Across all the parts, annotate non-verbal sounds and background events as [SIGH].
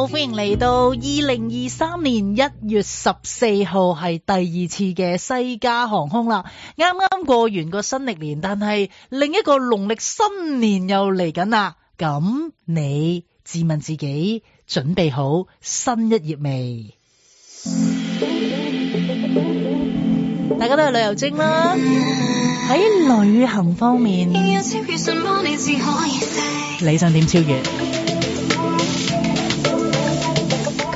好，歡迎嚟到二零二三年一月十四號，係第二次嘅西加航空啦。啱啱過完個新曆年，但係另一個農曆新年又嚟緊啦。咁你自問自己準備好新一頁未？嗯嗯、大家都係旅遊精啦，喺、嗯、旅行方面，超越信你，你想點超越？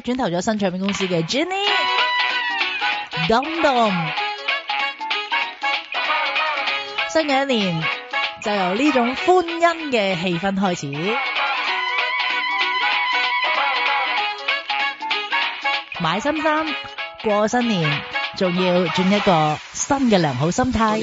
轉投咗新唱片公司嘅 Jenny，Dom Dom 新嘅一年就由呢種歡欣嘅氣氛開始，買新衫過新年，仲要轉一個新嘅良好心態。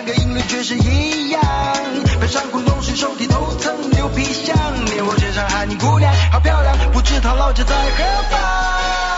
兩個音律卻是一樣。背上恐龍皮手提頭層牛皮箱，見我肩上喊你姑娘，好漂亮，不知她老家在何方。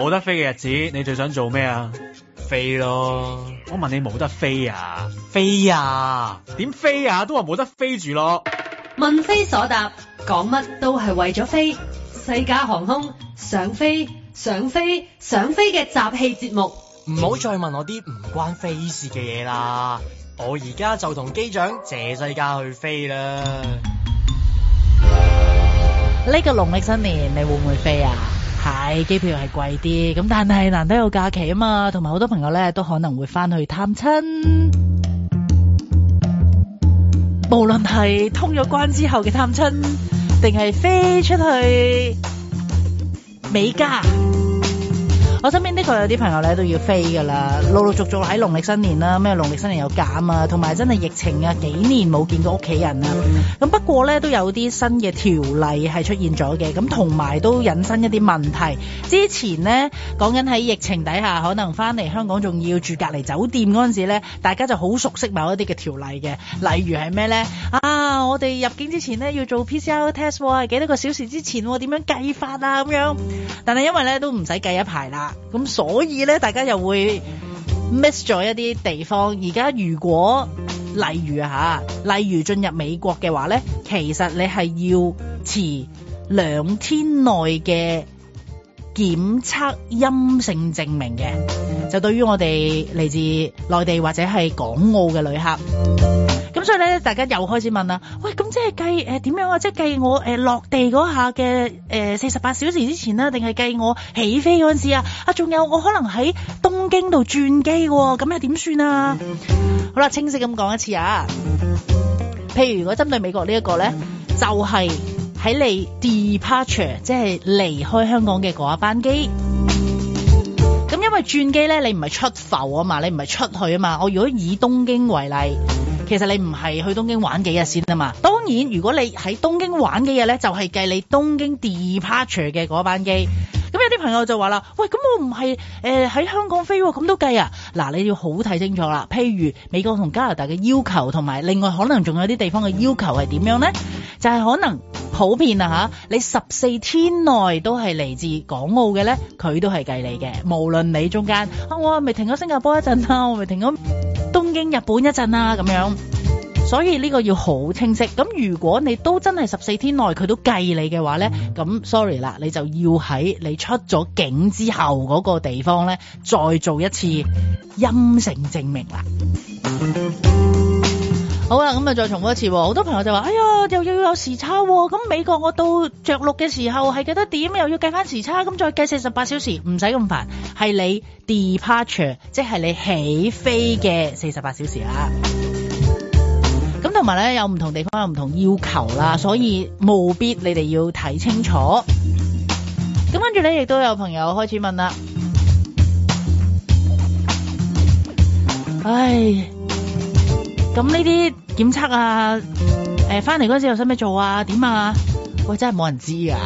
冇得飛嘅日子，你最想做咩啊？飛咯吧！我問你冇得飛啊？飛啊？點飛啊？都話冇得飛住咯。問飛所答，講乜都係為咗飛。西加航空，想飛，想飛，想飛嘅集氣節目。唔好再問我啲唔關飛事嘅嘢啦。我而家就同機長謝西加去飛啦。呢個農曆新年你會唔會飛啊？係，機票係貴啲，咁但係難得有假期啊嘛，同埋好多朋友咧都可能會翻去探親， [MUSIC] 無論係通咗關之後嘅探親，定係飛出去美加。我身邊的確有啲朋友咧都要飛噶啦，陸陸續續喺農曆新年啦、啊，咩農曆新年又減啊，同埋真係疫情啊，幾年冇見過屋企人啊。咁不過咧，都有啲新嘅條例係出現咗嘅，咁同埋都引申一啲問題。之前呢，講緊喺疫情底下，可能翻嚟香港仲要住隔離酒店嗰陣時咧，大家就好熟悉某一啲嘅條例嘅，例如係咩咧啊？啊！我哋入境之前咧，要做 PCR test，幾多個小時之前？點樣計法啊？咁樣。但係因為咧都唔使計一排啦，咁所以咧大家又會 miss 咗一啲地方。而家如果例如吓，例如進、啊、入美國嘅話咧，其實你係要持兩天內嘅檢測陰性證明嘅，就對於我哋嚟自內地或者係港澳嘅旅客。咁所以咧，大家又開始問啦。喂，咁即係計誒點樣啊？即係計我誒、呃、落地嗰下嘅誒四十八小時之前啦、啊，定係計我起飛嗰時啊？啊，仲有我可能喺東京度轉機喎、啊，咁又點算啊？ [MUSIC] 好啦，清晰咁講一次啊。譬如如果針對美國這個呢一個咧，就係、是、喺你 departure，即係離開香港嘅嗰班機。咁因為轉機咧，你唔係出埠啊嘛，你唔係出去啊嘛。我如果以東京為例。其實你唔係去東京玩幾日先啊嘛？當然，如果你喺東京玩幾日咧，就係計你東京 Departure 嘅嗰班機。咁有啲朋友就話啦：喂，咁我唔係誒喺香港飛喎，咁都計啊？嗱，你要好睇清楚啦。譬如美國同加拿大嘅要求，同埋另外可能仲有啲地方嘅要求係點樣咧？就係可能普遍啊吓，你十四天內都係嚟自港澳嘅咧，佢都係計你嘅，無論你中間啊，我咪停咗新加坡一陣啦，我咪停咗。經日本一陣啦咁樣，所以呢個要好清晰。咁如果你都真係十四天內佢都計你嘅話咧，咁 sorry 啦，你就要喺你出咗境之後嗰個地方咧，再做一次陰性證明啦。好啦，咁啊再重複一次，好多朋友就話，哎呀，又要有時差，啊，咁美國我到着陸嘅時候係幾多點，又要計翻時差，咁再計四十八小時，唔使咁煩，係你 departure，即係你起飛嘅四十八小時啦，啊。咁同埋咧，有唔同地方有唔同要求啦，所以務必你哋要睇清楚。咁跟住咧，亦都有朋友開始問啦，唉。咁呢啲檢測啊，返翻嚟嗰陣時有使唔使做啊？點啊？喂，真係冇人知啊！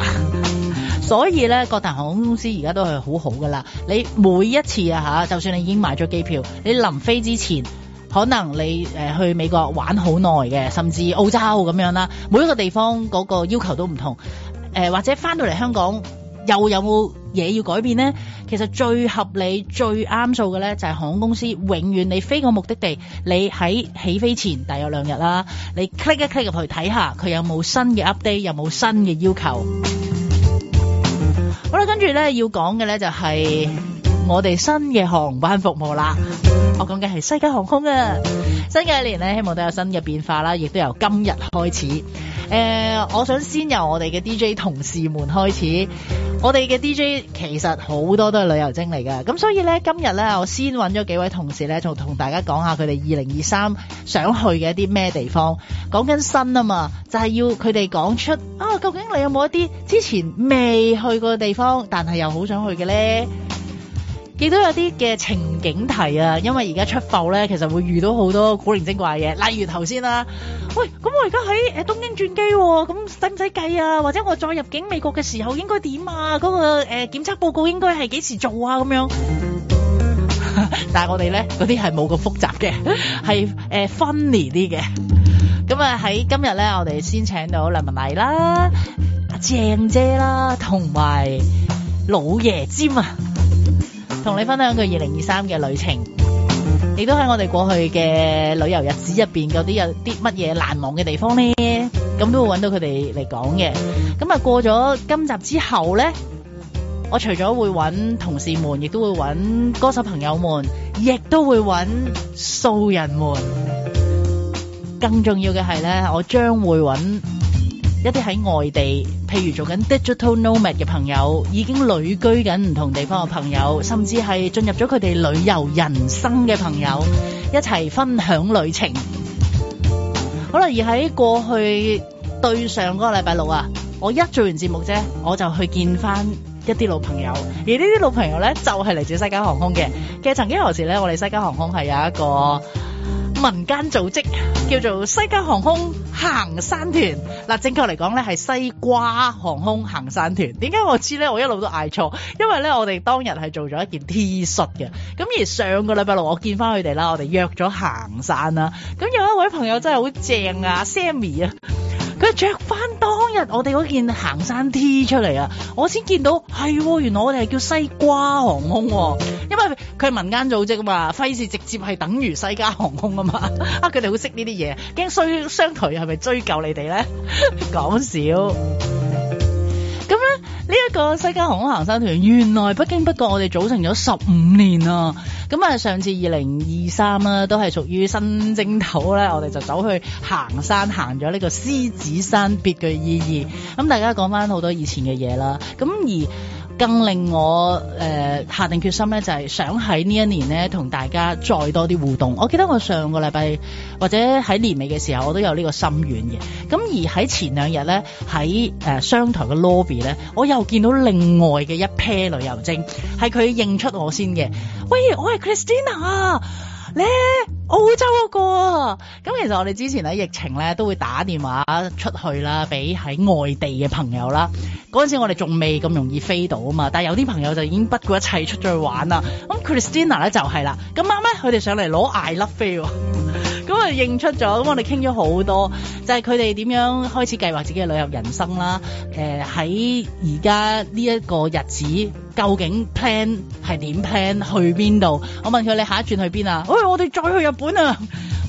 [LAUGHS] 所以咧，各大航空公司而家都係好好噶啦。你每一次啊吓，就算你已經買咗機票，你臨飛之前，可能你、呃、去美國玩好耐嘅，甚至澳洲咁樣啦，每一個地方嗰個要求都唔同、呃。或者翻到嚟香港又有冇嘢要改變呢，其實最合理、最啱數嘅呢，就係航空公司永遠你飛個目的地，你喺起飛前大約兩日啦，你 click 一 click 入去睇下佢有冇新嘅 update，有冇新嘅要求。 [MUSIC] 好啦，跟住呢，要講嘅呢，就係。我哋新嘅航班服務啦，我講嘅係西加航空啊。新嘅一年咧，希望都有新嘅變化啦。亦都由今日開始，誒、呃，我想先由我哋嘅 D J 同事們開始。我哋嘅 D J 其實好多都係旅遊精嚟嘅，咁所以咧今日咧，我先揾咗幾位同事咧，就同大家講下佢哋二零二三想去嘅一啲咩地方。講緊新啊嘛，就係、是、要佢哋講出啊，究竟你有冇一啲之前未去過嘅地方，但係又好想去嘅咧？記得有啲嘅情景題啊。因為而家出埠咧，其實會遇到好多古靈精怪嘢，例如頭先啦。喂，咁我而家喺誒東京轉機，咁使唔使計啊？或者我再入境美國嘅時候應該點啊？嗰、嗰個誒、呃、檢測報告應該係幾時做啊？咁樣。 [LAUGHS] 但係我哋咧嗰啲係冇咁複雜嘅，係誒 funny 啲嘅。咁啊喺今日咧，我哋先請到林文麗啦、阿鄭姐啦，同埋老爺尖啊。同你分享佢二零二三嘅旅程，你都喺我哋過去嘅旅遊日子入邊，有啲有啲乜嘢難忘嘅地方咧？咁都會揾到佢哋嚟講嘅。咁啊過咗今集之後咧，我除咗會揾同事們，亦都會揾歌手朋友們，亦都會揾素人們。更重要嘅係咧，我將會揾。一啲喺外地，譬如做緊 digital nomad 嘅朋友，已經旅居緊唔同地方嘅朋友，甚至係進入咗佢哋旅遊人生嘅朋友，一齊分享旅程。好啦，而喺過去對上嗰個禮拜六啊，我一做完節目啫，我就去見翻一啲老朋友，而呢啲老朋友咧就係嚟自西加航空嘅。其實曾經何時咧，我哋西加航空係有一個。民間組織叫做西加航空行山團。嗱，正確嚟講咧係西瓜航空行山團。點解我知咧？我一路都嗌錯，因為咧我哋當日係做咗一件 T 恤嘅，咁而上個禮拜六我見翻佢哋啦，我哋約咗行山啦。咁有一位朋友真係好正啊，Sammy 啊！S emi [LAUGHS] 佢著翻當日我哋嗰件行山 T 出嚟啊！我先見到係喎、哦，原來我哋係叫西瓜航空、哦，因為佢民間組織嘛，費事直接係等於西加航空啊嘛！啊，佢哋會識呢啲嘢，驚衰雙頹係咪追究你哋咧？講 [LAUGHS] 笑。呢一個西加航空行山團，原來不經不覺我哋組成咗十五年啦。咁啊，上次二零二三啦，都係屬於新正頭咧，我哋就走去行山，行咗呢個獅子山，別具意義。咁大家講返好多以前嘅嘢啦。咁而更令我誒、呃、下定決心咧，就係、是、想喺呢一年咧同大家再多啲互動。我記得我上個禮拜或者喺年尾嘅時候，我都有呢個心願嘅。咁而喺前兩日咧，喺誒、呃、商台嘅 lobby 咧，我又見到另外嘅一 pair 旅遊精，係佢認出我先嘅。喂，我係 Christina。咧澳洲嗰個，啊，咁其實我哋之前喺疫情咧都會打電話出去啦，俾喺外地嘅朋友啦。嗰陣時我哋仲未咁容易飛到啊嘛，但係有啲朋友就已經不顧一切出咗去玩，就是，啦。咁 Christina 咧就係啦，咁啱咧佢哋上嚟攞 I Love 飛喎，哦。 [LAUGHS] 咁啊認出咗，咁我哋傾咗好多，就係佢哋點樣開始計劃自己嘅旅遊人生啦。誒，喺而家呢一個日子，究竟 plan 係點 plan 去邊度？我問佢：你下一轉去邊啊？喂、哎、我哋再去日本啊！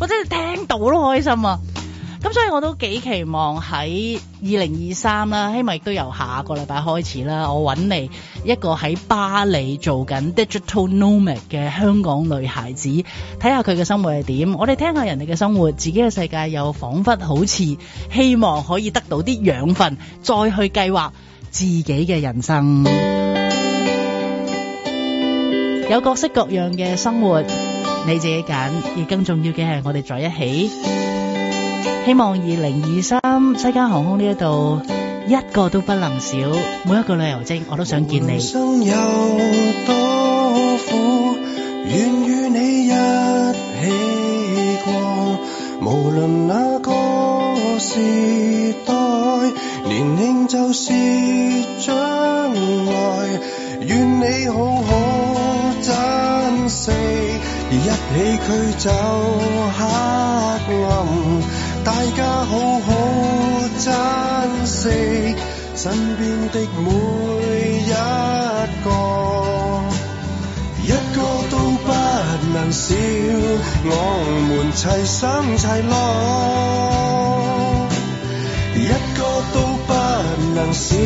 我真係聽到都開心呀、啊。咁所以我都幾期望喺二零二三啦，希望亦都由下個禮拜開始啦。我揾嚟一個喺巴黎做緊 digital nomad 嘅香港女孩子，睇下佢嘅生活係點。我哋聽下人哋嘅生活，自己嘅世界又彷彿好似希望可以得到啲養分，再去計劃自己嘅人生。有各式各樣嘅生活，你自己揀。而更重要嘅係，我哋在一起。希望二零二三西加航空呢一度，一個都不能少。每一個旅遊證我都想見你。人生有多苦，願與你一起過。無論那個時代，年輕就是將來。願你好好珍惜，一起驅走黑暗。大家好好珍惜身邊的每一個，一個都不能少，我們齊心齊力，一個都不能少，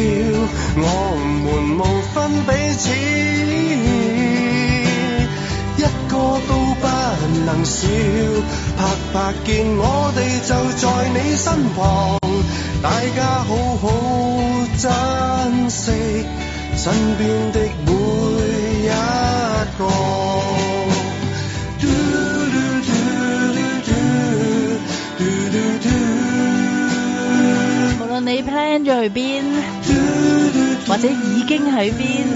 我們無分彼此，一個都能笑拍拍，見我哋就在你身旁，大家好好珍惜身邊的每一個 [MUSIC] 無論你 Plan 咗去邊 [MUSIC] 或者已經喺邊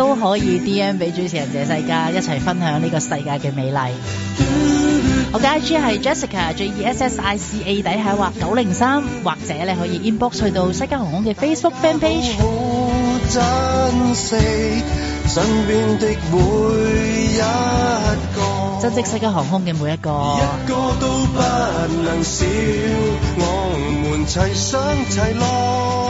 都可以 D M 俾主持人者世界，一齊分享呢個世界嘅美麗。嗯、我嘅 I G 係 Jessica J E S、嗯、S I C A，底下畫九零三，或者你可以 inbox 去到西加航空嘅 Facebook Fan Page。好珍惜身邊嘅每一個，珍惜西加航空嘅每一個，每一，個一個都不能少，我們齊上齊落。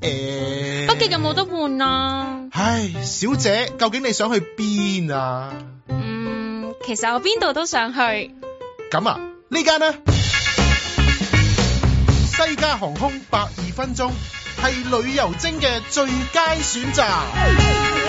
北京有冇得換啊？唉，小姐，究竟你想去邊啊？嗯，其實我邊度都想去。咁啊，呢間呢？ [NOISE] 西加航空百二分鐘，係旅遊精嘅最佳選擇。 [NOISE]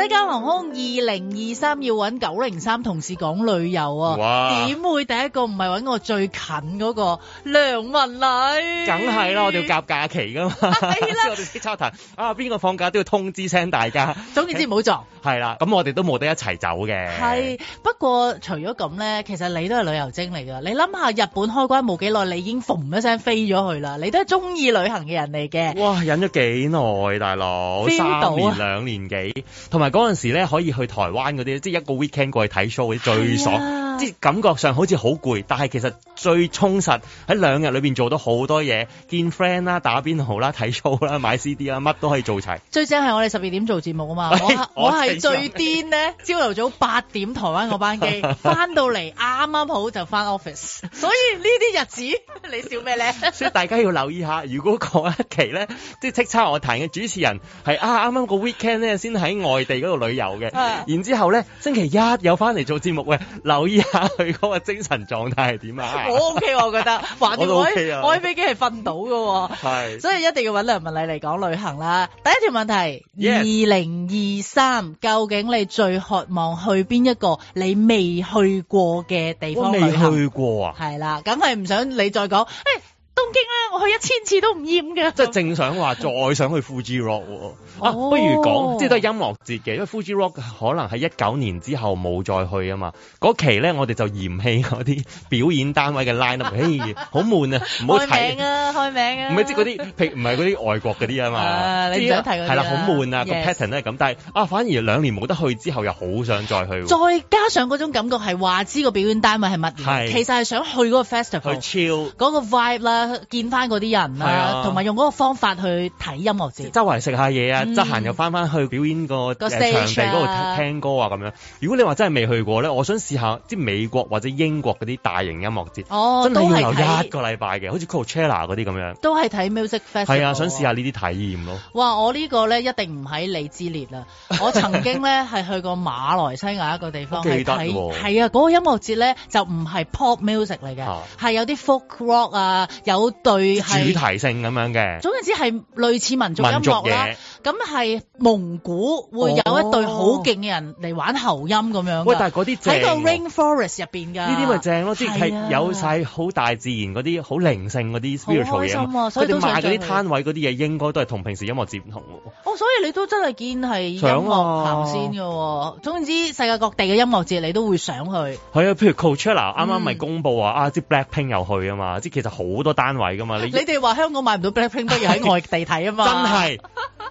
西交航空二零二三要揾九零三同事講旅遊啊！哇，點會第一個唔係揾我，最近嗰個梁文禮梗係啦，我哋要夾假期噶嘛。係啦，我哋啲 p a 啊，邊個放假都要通知聲大家。總言之，唔好撞。係啦，咁我哋都冇得一齊走嘅。係不過除咗咁咧，其實你都係旅遊精嚟㗎。你諗下，日本開關冇幾耐，你已經嘣一聲飛咗去啦。你都係中意旅行嘅人嚟嘅。哇！忍咗幾耐，大佬三年兩年幾，同埋，嗰陣時咧可以去台灣嗰啲，即係一個 weekend 過去睇 show 最爽，啊、即係感覺上好似好攰，但係其實最充實喺兩日裏邊做到好多嘢，見 friend 啦、打邊爐啦、睇 show 啦、買 CD 啦，乜都可以做齊。最正係我哋十二點做節目啊嘛， [LAUGHS] 我 [LAUGHS] 我係最癲呢。朝頭 [LAUGHS] 早八點台灣個班機，翻到嚟啱啱好就翻 office，所以呢啲日子你笑咩咧？ [LAUGHS] 所以大家要留意一下，如果講一期咧，即係叱咤樂壇嘅主持人係啊啱啱個 weekend 咧先喺外地，度旅遊嘅，啊、然之後咧星期一有翻嚟做節目嘅，留意下佢嗰個精神狀態係點啊！我 OK，我覺得 [LAUGHS] 反正我喺我、OK、啊，喺在飛機係瞓到噶、哦，係是，所以一定要揾梁文麗嚟講旅行啦。第一條問題：二零二三，2023, 究竟你最渴望去邊一個你未去過嘅地方？未、哦、去過啊，係啦，梗係唔想你再講。哎東京咧，我去一千次都唔厭嘅。即係正想話再想去 Fuji Rock 啊，不如講，即係都係音樂節嘅，因為 Fuji Rock 可能喺一九年之後冇再去啊嘛。嗰期咧，我哋就嫌棄嗰啲表演單位嘅 line，哎，好悶啊！唔好睇啊，開名啊，唔係即係嗰啲，唔係嗰啲外國嗰啲啊嘛。你想睇嗰啲係啦，好悶啊，個 pattern 咧咁。但係啊，反而兩年冇得去之後，又好想再去。再加上嗰種感覺係話知個表演單位係乜嘢，其實係想去嗰個 festival，去 chill 嗰個 vibe 啦。見翻嗰啲人啊，同埋用嗰個方法去睇音樂節，周圍食下嘢啊，得閒又翻翻去表演個場地嗰度聽歌啊咁樣。如果你話真係未去過咧，我想試下即係美國或者英國嗰啲大型音樂節，真係要留一個禮拜嘅，好似 Coachella 嗰啲咁樣。都係睇 music festival。係啊，想試下呢啲體驗咯。哇！我呢個咧一定唔喺你之列啦。我曾經咧係去過馬來西亞一個地方係睇，係啊，嗰個音樂節咧就唔係 pop music 嚟嘅，係有啲 folk rock 啊，有。好對，主題性咁樣嘅，總言之係類似民族音樂嘅。咁係蒙古會有一對好勁嘅人嚟玩喉音咁樣。喂，但係嗰啲喺個 Rainforest 入面㗎。呢啲咪正咯，即係有曬好大自然嗰啲好靈性嗰啲 spiritual 嘢。佢哋賣嗰啲攤位嗰啲嘢，應該都係同平時音樂節唔同哦，所以你都真係見係音樂行先喎。總之，世界各地嘅音樂節你都會想去。係啊，譬如 Coachella 啱啱咪公佈啊，啲 Blackpink 又去啊嘛，即係其實好多單位㗎嘛。你哋話香港買唔到 Blackpink 不如喺外地睇啊嘛。真係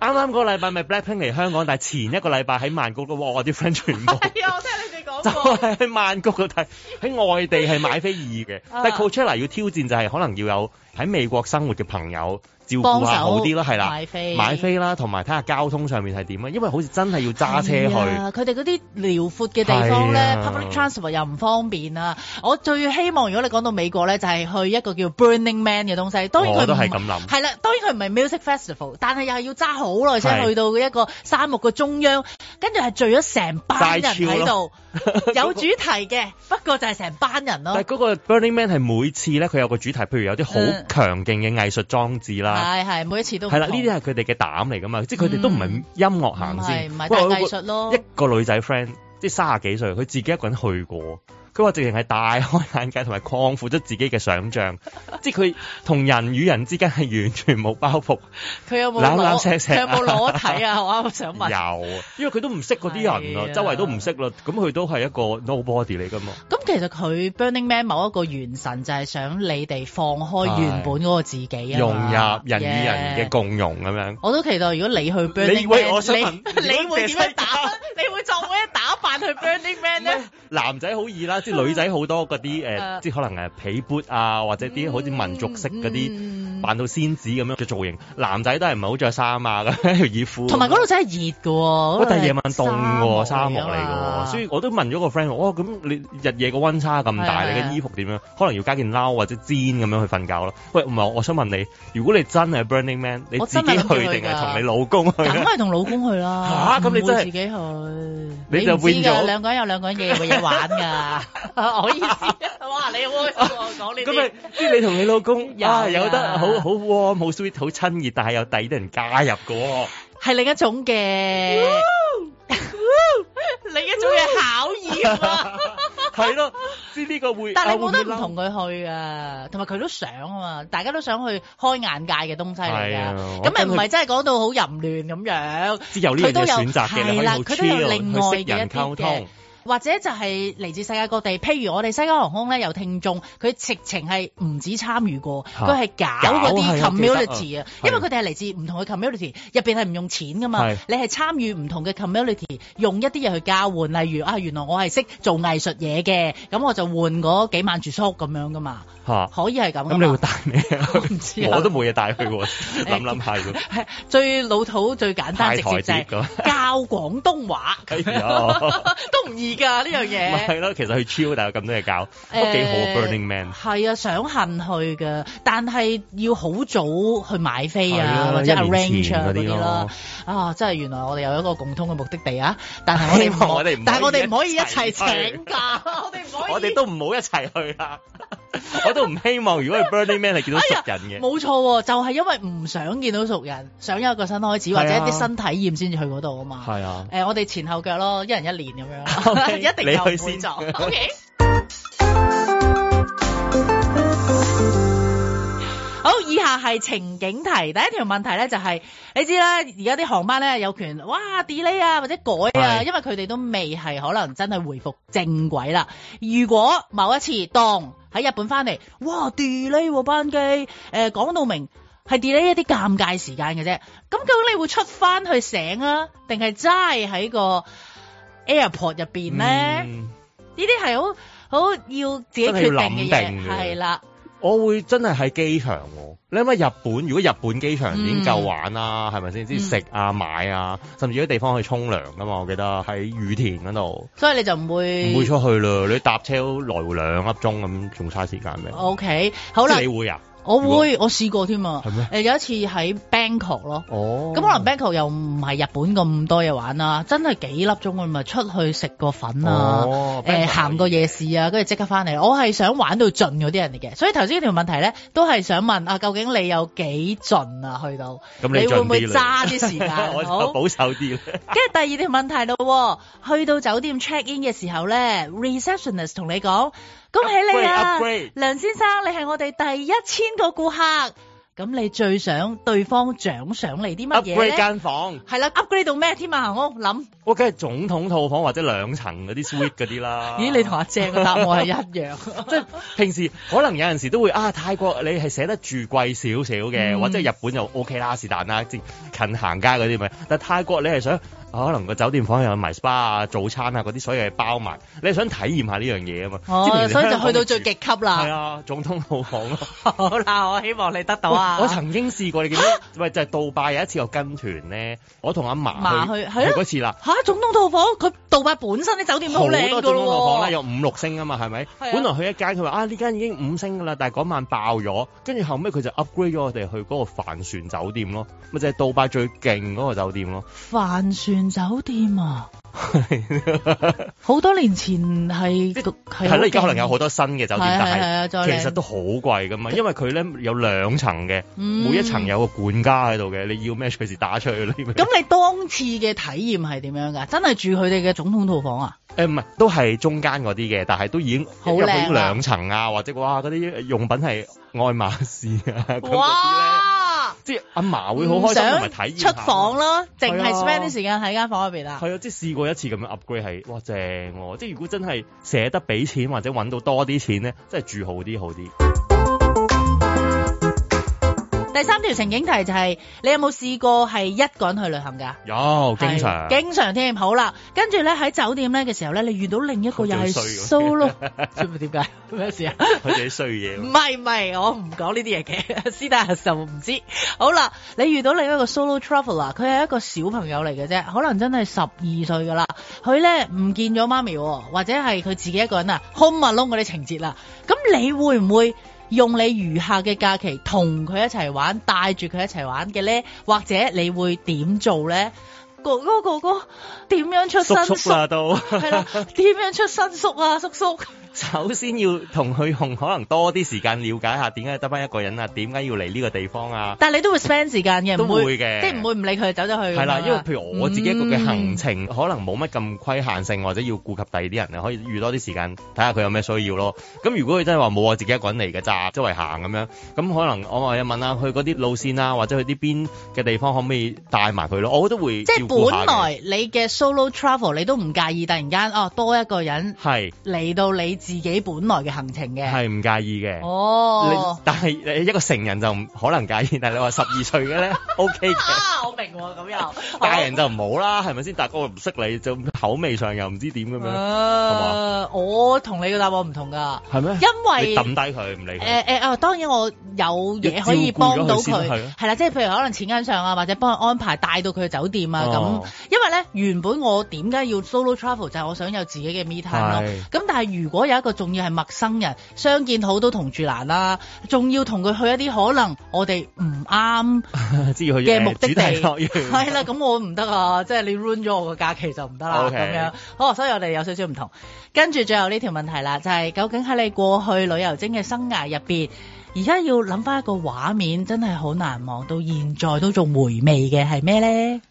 啱。三個禮拜咪 Blackpink 嚟香港，但係前一個禮拜喺曼谷嘅。我啲 friend 全部係啊，我聽你哋講過就係喺曼谷嗰度睇，喺外地係買飛二嘅， [LAUGHS] 但係 Coachella 要挑戰就係可能要有喺美國生活嘅朋友。照顧幫買好啲啦，係票啦，買飛買飛啦，同埋睇下交通上面係點啊，因為好似真係要揸車去。佢哋嗰啲遼闊嘅地方咧、啊、public transport 又唔方便啦、啊、我最希望如果你講到美國咧，就係、是、去一個叫 Burning Man 嘅東西。當然佢都係咁諗啦，當然佢唔係 music festival，但係又係要揸好耐先去到一個沙漠嘅中央，跟住係聚咗成班人喺度， [LAUGHS] 那個、有主題嘅，不過就係成班人咯。但嗰個 Burning Man 係每次咧，佢有個主題，譬如有啲好強勁嘅藝術裝置啦。嗯係係、 [MUSIC] 啊、每一次都係啦。呢啲係佢哋嘅膽嚟噶嘛，嗯、即係佢哋都唔係音樂行先，唔係睇藝術咯。一個女仔 friend 即係卅幾歲，佢自己一個人去過。佢話直情係大開眼界，同埋擴闊咗自己嘅想像，即係佢同人與人之間係完全冇包袱。佢有冇裸？有冇裸體啊？我啱啱想問。有，啊，因為佢都唔識嗰啲人啊，周圍都唔識啦，咁佢都係一個 nobody 嚟㗎嘛。咁其實佢 Burning Man 某一個元神就係想你哋放開原本嗰個自己啊，融入人與人嘅共融咁樣。我都期待如果你去 Burning Man，你會點樣打扮？你會作咩打扮去 Burning Man 呢？男仔好易啦。女仔好多嗰啲誒，即係可能誒皮 boot 啊，或者啲好似民族式嗰啲扮到仙子咁樣嘅造型。男仔都係唔係好着衫啊，咁條耳褲。同埋嗰度真係熱嘅，喂！但係夜晚凍嘅，沙漠嚟嘅，所以我都問咗個 friend 咁你日夜嘅溫差咁大，你嘅衣服點樣？可能要加件褸或者氈咁樣去瞓覺咯。喂，唔係，我想問你，如果你真係 Burning Man，你自己去定係同你老公去？梗係同老公去啦，嚇！咁你真係自己去？你就會嘅，兩個人有兩個人嘢，有玩㗎。啊，唔好意思，哇，你好開心喎，講呢啲。咁咪即係你同你老公有有得好好 warm，好 sweet，好親熱，但係有第啲人加入過。係另一種嘅，另一種嘅考驗啊。係咯，知呢個會。但係你冇得唔同佢去啊，同埋佢都想啊嘛，大家都想去開眼界嘅東西嚟㗎。咁咪唔係真係講到好淫亂咁樣。自由啲，自由啲選擇嘅，你可以挑佢另外人溝通。或者就係嚟自世界各地，譬如我哋西加航空咧有聽眾，佢直情係唔止參與過，佢係搞嗰啲 community 啊，因為佢哋係嚟自唔同嘅 community，入面係唔用錢噶嘛，你係參與唔同嘅 community，用一啲嘢去交換，例如啊，原來我係識做藝術嘢嘅，咁我就換嗰幾晚住宿咁樣噶嘛，可以係咁。咁你會帶咩啊？我都冇嘢帶去喎，諗諗下如果。最老土、最簡單、直接教廣東話，都唔易。呢樣嘢，咪係咯，其實去超大有咁多嘢搞、欸、都幾好。Burning Man 係啊，想恨去㗎，但係要好早去買飛啊，啊或者 arrange 啊啲咯、啊。那些啊，啊，真係原來我哋有一個共通嘅目的地啊！但係我哋唔，們不但係我哋唔可以一齊請假， [LAUGHS] 我哋唔可以， [LAUGHS] 我哋都唔好一齊去啊！ [LAUGHS] [LAUGHS] 我都唔希望，如果係 Burning Man 係見到熟人嘅、哎，冇錯、啊，就係、是、因為唔想見到熟人，想有個新開始或者一啲新體驗先至去嗰度啊嘛。係是啊、呃，我哋前後腳咯，一人一年咁樣，okay, 一定你去先 O K。Okay? 好，以下係情景題，第一條問題咧就係、是、你知啦，而家啲航班咧有權哇 delay 啊或者改啊，的因為佢哋都未係可能真係回復正軌啦。如果某一次當。喺日本翻嚟，哇 delay、啊、班機，呃、講到明係 delay 一啲尷尬時間嘅啫，咁究竟你會出翻去醒啊，定係齋喺個 airport 入邊咧？呢啲係好好要自己決定嘅嘢，係啦。我會真係喺機場喎，哦，你諗下日本，如果日本機場已經夠玩啦，係咪先？先食啊、買啊，甚至有啲地方去沖涼噶嘛，我記得喺羽田嗰度。所以你就唔會唔會出去咯？你搭車都來回兩粒鐘咁，仲嘥時間咩？O K，好啦。你會啊？我會，果我試過添。啊嗎。係咩？有一次喺 Bangkok 咯。哦。咁可能 Bangkok 又唔係日本咁多嘢玩啦，真係幾粒鐘㗎，咪出去食個粉啊，誒行個夜市啊，跟住即刻翻嚟。我係想玩到盡嗰啲人嚟嘅，所以頭先條問題咧，都係想問啊，究竟你有幾盡啊？去到，咁、嗯、你會唔會揸啲時間？ [LAUGHS] 我保守啲。跟住第二條問題咯，去到酒店 check in 嘅時候咧，receptionist 同你講。恭喜你啊，Upgrade, Upgrade 梁先生，你係我哋第一千個顧客。咁你最想對方獎賞你啲乜嘢咧？升級間房。係啦了，upgrade 到咩添啊？我諗，我梗係總統套房或者兩層嗰啲 suite 嗰啲啦。咦，你同阿姐嘅答案係一樣，即係平時可能有陣時都會啊，泰國你係寫得住貴少少嘅，嗯、或者日本就 OK 啦，是但啦，近行街嗰啲咪。但泰國你係想。可能個酒店房有埋 SPA 啊、早餐啊嗰啲，所以係包埋。你想體驗下呢樣嘢啊嘛？哦、平所以就去到最極級啦。係住 [LAUGHS] 啊，總統套房啊！好啦，我希望你得到啊！欸、我曾經試過你記唔記喂、啊，就係、是、杜拜有一次我跟團咧，我同阿嫲去去嗰、啊、次啦。吓、啊，總統套房佢杜拜本身啲酒店都好靚噶咯。好多總統套房啦，有五六星啊嘛，係咪？啊、本來去一間，佢話啊呢間已經五星噶啦，但係嗰晚爆咗，跟住後尾佢就 upgrade 咗我哋去嗰個帆船酒店咯，咪就係、是、杜拜最勁嗰個酒店咯。帆船酒店啊，好 [LAUGHS] 多年前係係啦，而家你可能有好多新嘅酒店，的但係其實都好貴噶嘛，的因為佢咧有兩層嘅，嗯、每一層有個管家喺度嘅，你要咩隨時打出去。咁你當次嘅體驗係點樣噶？真係住佢哋嘅總統套房啊？誒、欸，唔係，都係中間嗰啲嘅，但係都已經有兩層啊，或者哇嗰啲用品係愛馬仕啊佢嗰啲咧。即係阿嫲會好開心同埋睇出房咯，淨係 spend 啲時間喺間房入邊啦。係啊，啊，即係試過一次咁樣 upgrade 係哇正喎、啊！即係如果真係捨得俾錢或者揾到多啲錢咧，即係住好啲好啲。第三條情景題就係、是、你有冇試過係一個人去旅行噶？有，是經常，經常添。好啦，跟住咧喺酒店咧嘅時候咧，你遇到另一個又係 solo， [LAUGHS] 知唔知點解？咩事啊？好似啲衰嘢。唔係，唔係，我唔講呢啲嘢嘅，師弟就唔知。好啦，你遇到另一個 solo traveler，佢係一個小朋友嚟嘅啫，可能真係十二歲噶啦，佢咧唔見咗媽咪，或者係佢自己一個人啊，Home Alone 嗰啲情節啦。咁你會唔會？用你餘下嘅假期同佢一齊玩，帶住佢一齊玩嘅咧，或者你會點做咧？哥哥哥哥，哥，點樣出新宿？係 [LAUGHS] 啦，點樣出新宿啊？叔叔。首先要同佢用可能多啲時間了解下點解得返一個人啊？點解要嚟呢個地方啊？但係你都會 spend 時間嘅，都會嘅，會即係唔會唔理佢走咗去。係啦的，因為譬如我自己一個嘅行程、嗯、可能冇乜咁規限性，或者要顧及第二啲人啊，可以預多啲時間睇下佢有咩需要咯。咁如果佢真係話冇我自己一個人嚟嘅咋，周圍行咁樣，咁可能我話一問下去嗰啲路線啊，或者去啲邊嘅地方可唔可以帶埋佢咯？我都會即係本來你嘅 solo travel 你都唔介意突然間哦多一個人係嚟到你。自己本來嘅行程嘅係唔介意嘅哦，但係你一個成人就唔可能介意，但係你話十二歲嘅咧，OK 嘅，我明喎，咁又大人就唔好啦，係咪先？大哥我唔識你，就口味上又唔知點咁樣係嘛？我同你嘅答案唔同㗎，係咩？因為抌低佢，唔理佢，誒誒啊當然我有嘢可以幫到佢，係啦，即係譬如可能錢銀上啊，或者幫佢安排帶到佢去酒店啊咁。因為咧原本我點解要 solo travel 就係我想有自己嘅 me time 咯，咁但係如果有一個仲要係陌生人相見好都同住難啦，啊，仲要同佢去一啲可能我哋唔啱嘅目的地，係啦， [LAUGHS] 咁、呃、 [LAUGHS] 我唔得啊，即、就、係、是、你 run 咗我個假期就唔得啦，咁 Okay. 樣，好，所以我哋有少少唔同。跟住最後呢條問題啦，就係、是、究竟喺你過去旅遊精嘅生涯入邊，而家要諗翻一個畫面，真係好難忘，到現在都仲回味嘅係咩咧？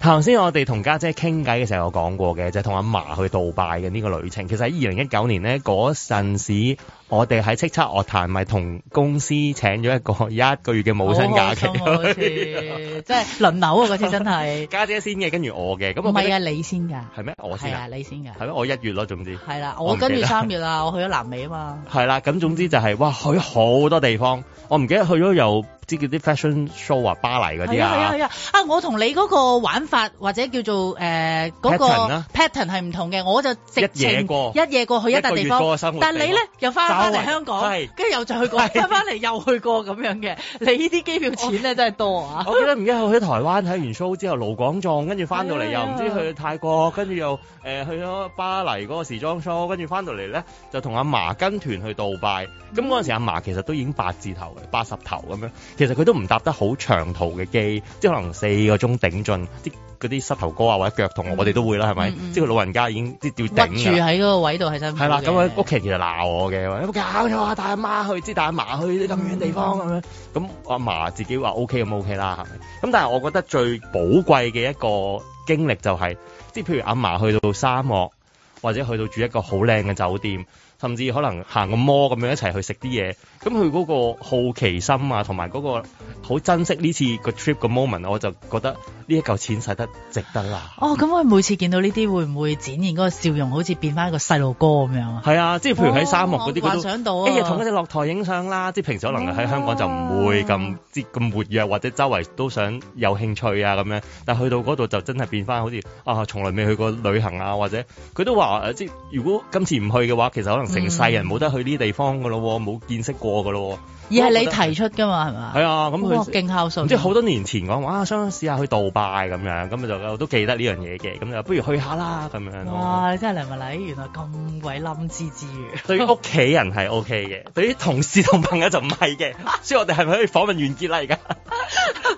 頭先我哋同家姐傾偈嘅時候我講，我講過嘅就係、係、同阿嫲去杜拜嘅呢個旅程。其實喺二零一九年咧，嗰陣時候我哋喺叱咤樂壇，咪同公司請咗一,一個一個月嘅冇薪假期。好似即係輪流啊！嗰次真係。家 [LAUGHS] 姐，姐先嘅，跟住我嘅，咁我唔係啊，你先㗎。係咩？我先的係啊，你先㗎。係咩？我一月咯，總之。係啦、啊，我跟住三月 [LAUGHS] 啊，我去咗南美啊嘛。係啦，咁總之就係、係、哇，去好多地方，我唔記得去咗有。即啲 fashion show 啊，巴黎嗰啲啊，係啊係啊啊！我同你嗰個玩法或者叫做誒嗰個 pattern 係係唔同嘅。我就直情一夜過一夜過去一笪地方，但係你咧又翻翻嚟香港，跟住又再去過，翻翻嚟又去過咁樣嘅。你呢啲機票錢咧真係多啊！我記得唔記得我喺台灣睇完 show 之後，盧廣仲跟住翻到嚟又唔知去泰國，跟住又誒去咗巴黎嗰個時裝 show，跟住翻到嚟咧就同阿嫲跟團去杜拜。咁嗰陣時阿嫲其實都已經八字頭八十頭咁樣。其實佢都唔搭得好長途嘅機，即係可能四個鐘頂盡啲嗰啲膝頭哥啊或者腳痛，我哋都會啦，係咪、嗯？是是即係個老人家已經即係要頂住喺嗰個位度係真係啦，咁喺屋企其實鬧我嘅，有冇搞錯啊，帶阿媽去，即係帶阿嫲去啲咁遠地方咁樣。咁阿嫲自己話 OK 咁 OK 啦，係咪？咁但係我覺得最寶貴嘅一個經歷就係、是，即係譬如阿嫲去到沙漠，或者去到住一個好靚嘅酒店。甚至可能行個摩咁樣，一齊去食啲嘢，咁佢個好奇心啊，同埋個好珍惜呢次個 trip 嘅 moment，我就覺得呢一嚿錢使得值得啦。哦，咁佢每次見到呢啲，會唔會展現個笑容，好似變翻一個細路哥咁樣啊？係啊，即係譬如喺沙漠嗰啲，哦、我想到、欸、同一日同佢哋落台影相啦。即係平時可能喺香港就唔會咁即咁活躍，或者周圍都想有興趣啊咁樣，但去到嗰度就真係變翻好似啊，從來未去過旅行啊，或者佢都話即、啊、如果今次唔去嘅話，其實可能。成世人冇得去呢啲地方噶咯，冇見識過噶咯。而係你提出嘅嘛，係咪？係啊，咁佢勁孝順。即係好多年前講，哇，想試下去杜拜咁樣，咁就我都記得呢樣嘢嘅。咁就不如去下啦咁樣。哇！你真係梁文禮，原來咁鬼冧知之。對於屋企人係 OK 嘅，對於同事同朋友就唔係嘅。所以我哋係咪可以訪問完結啦？而家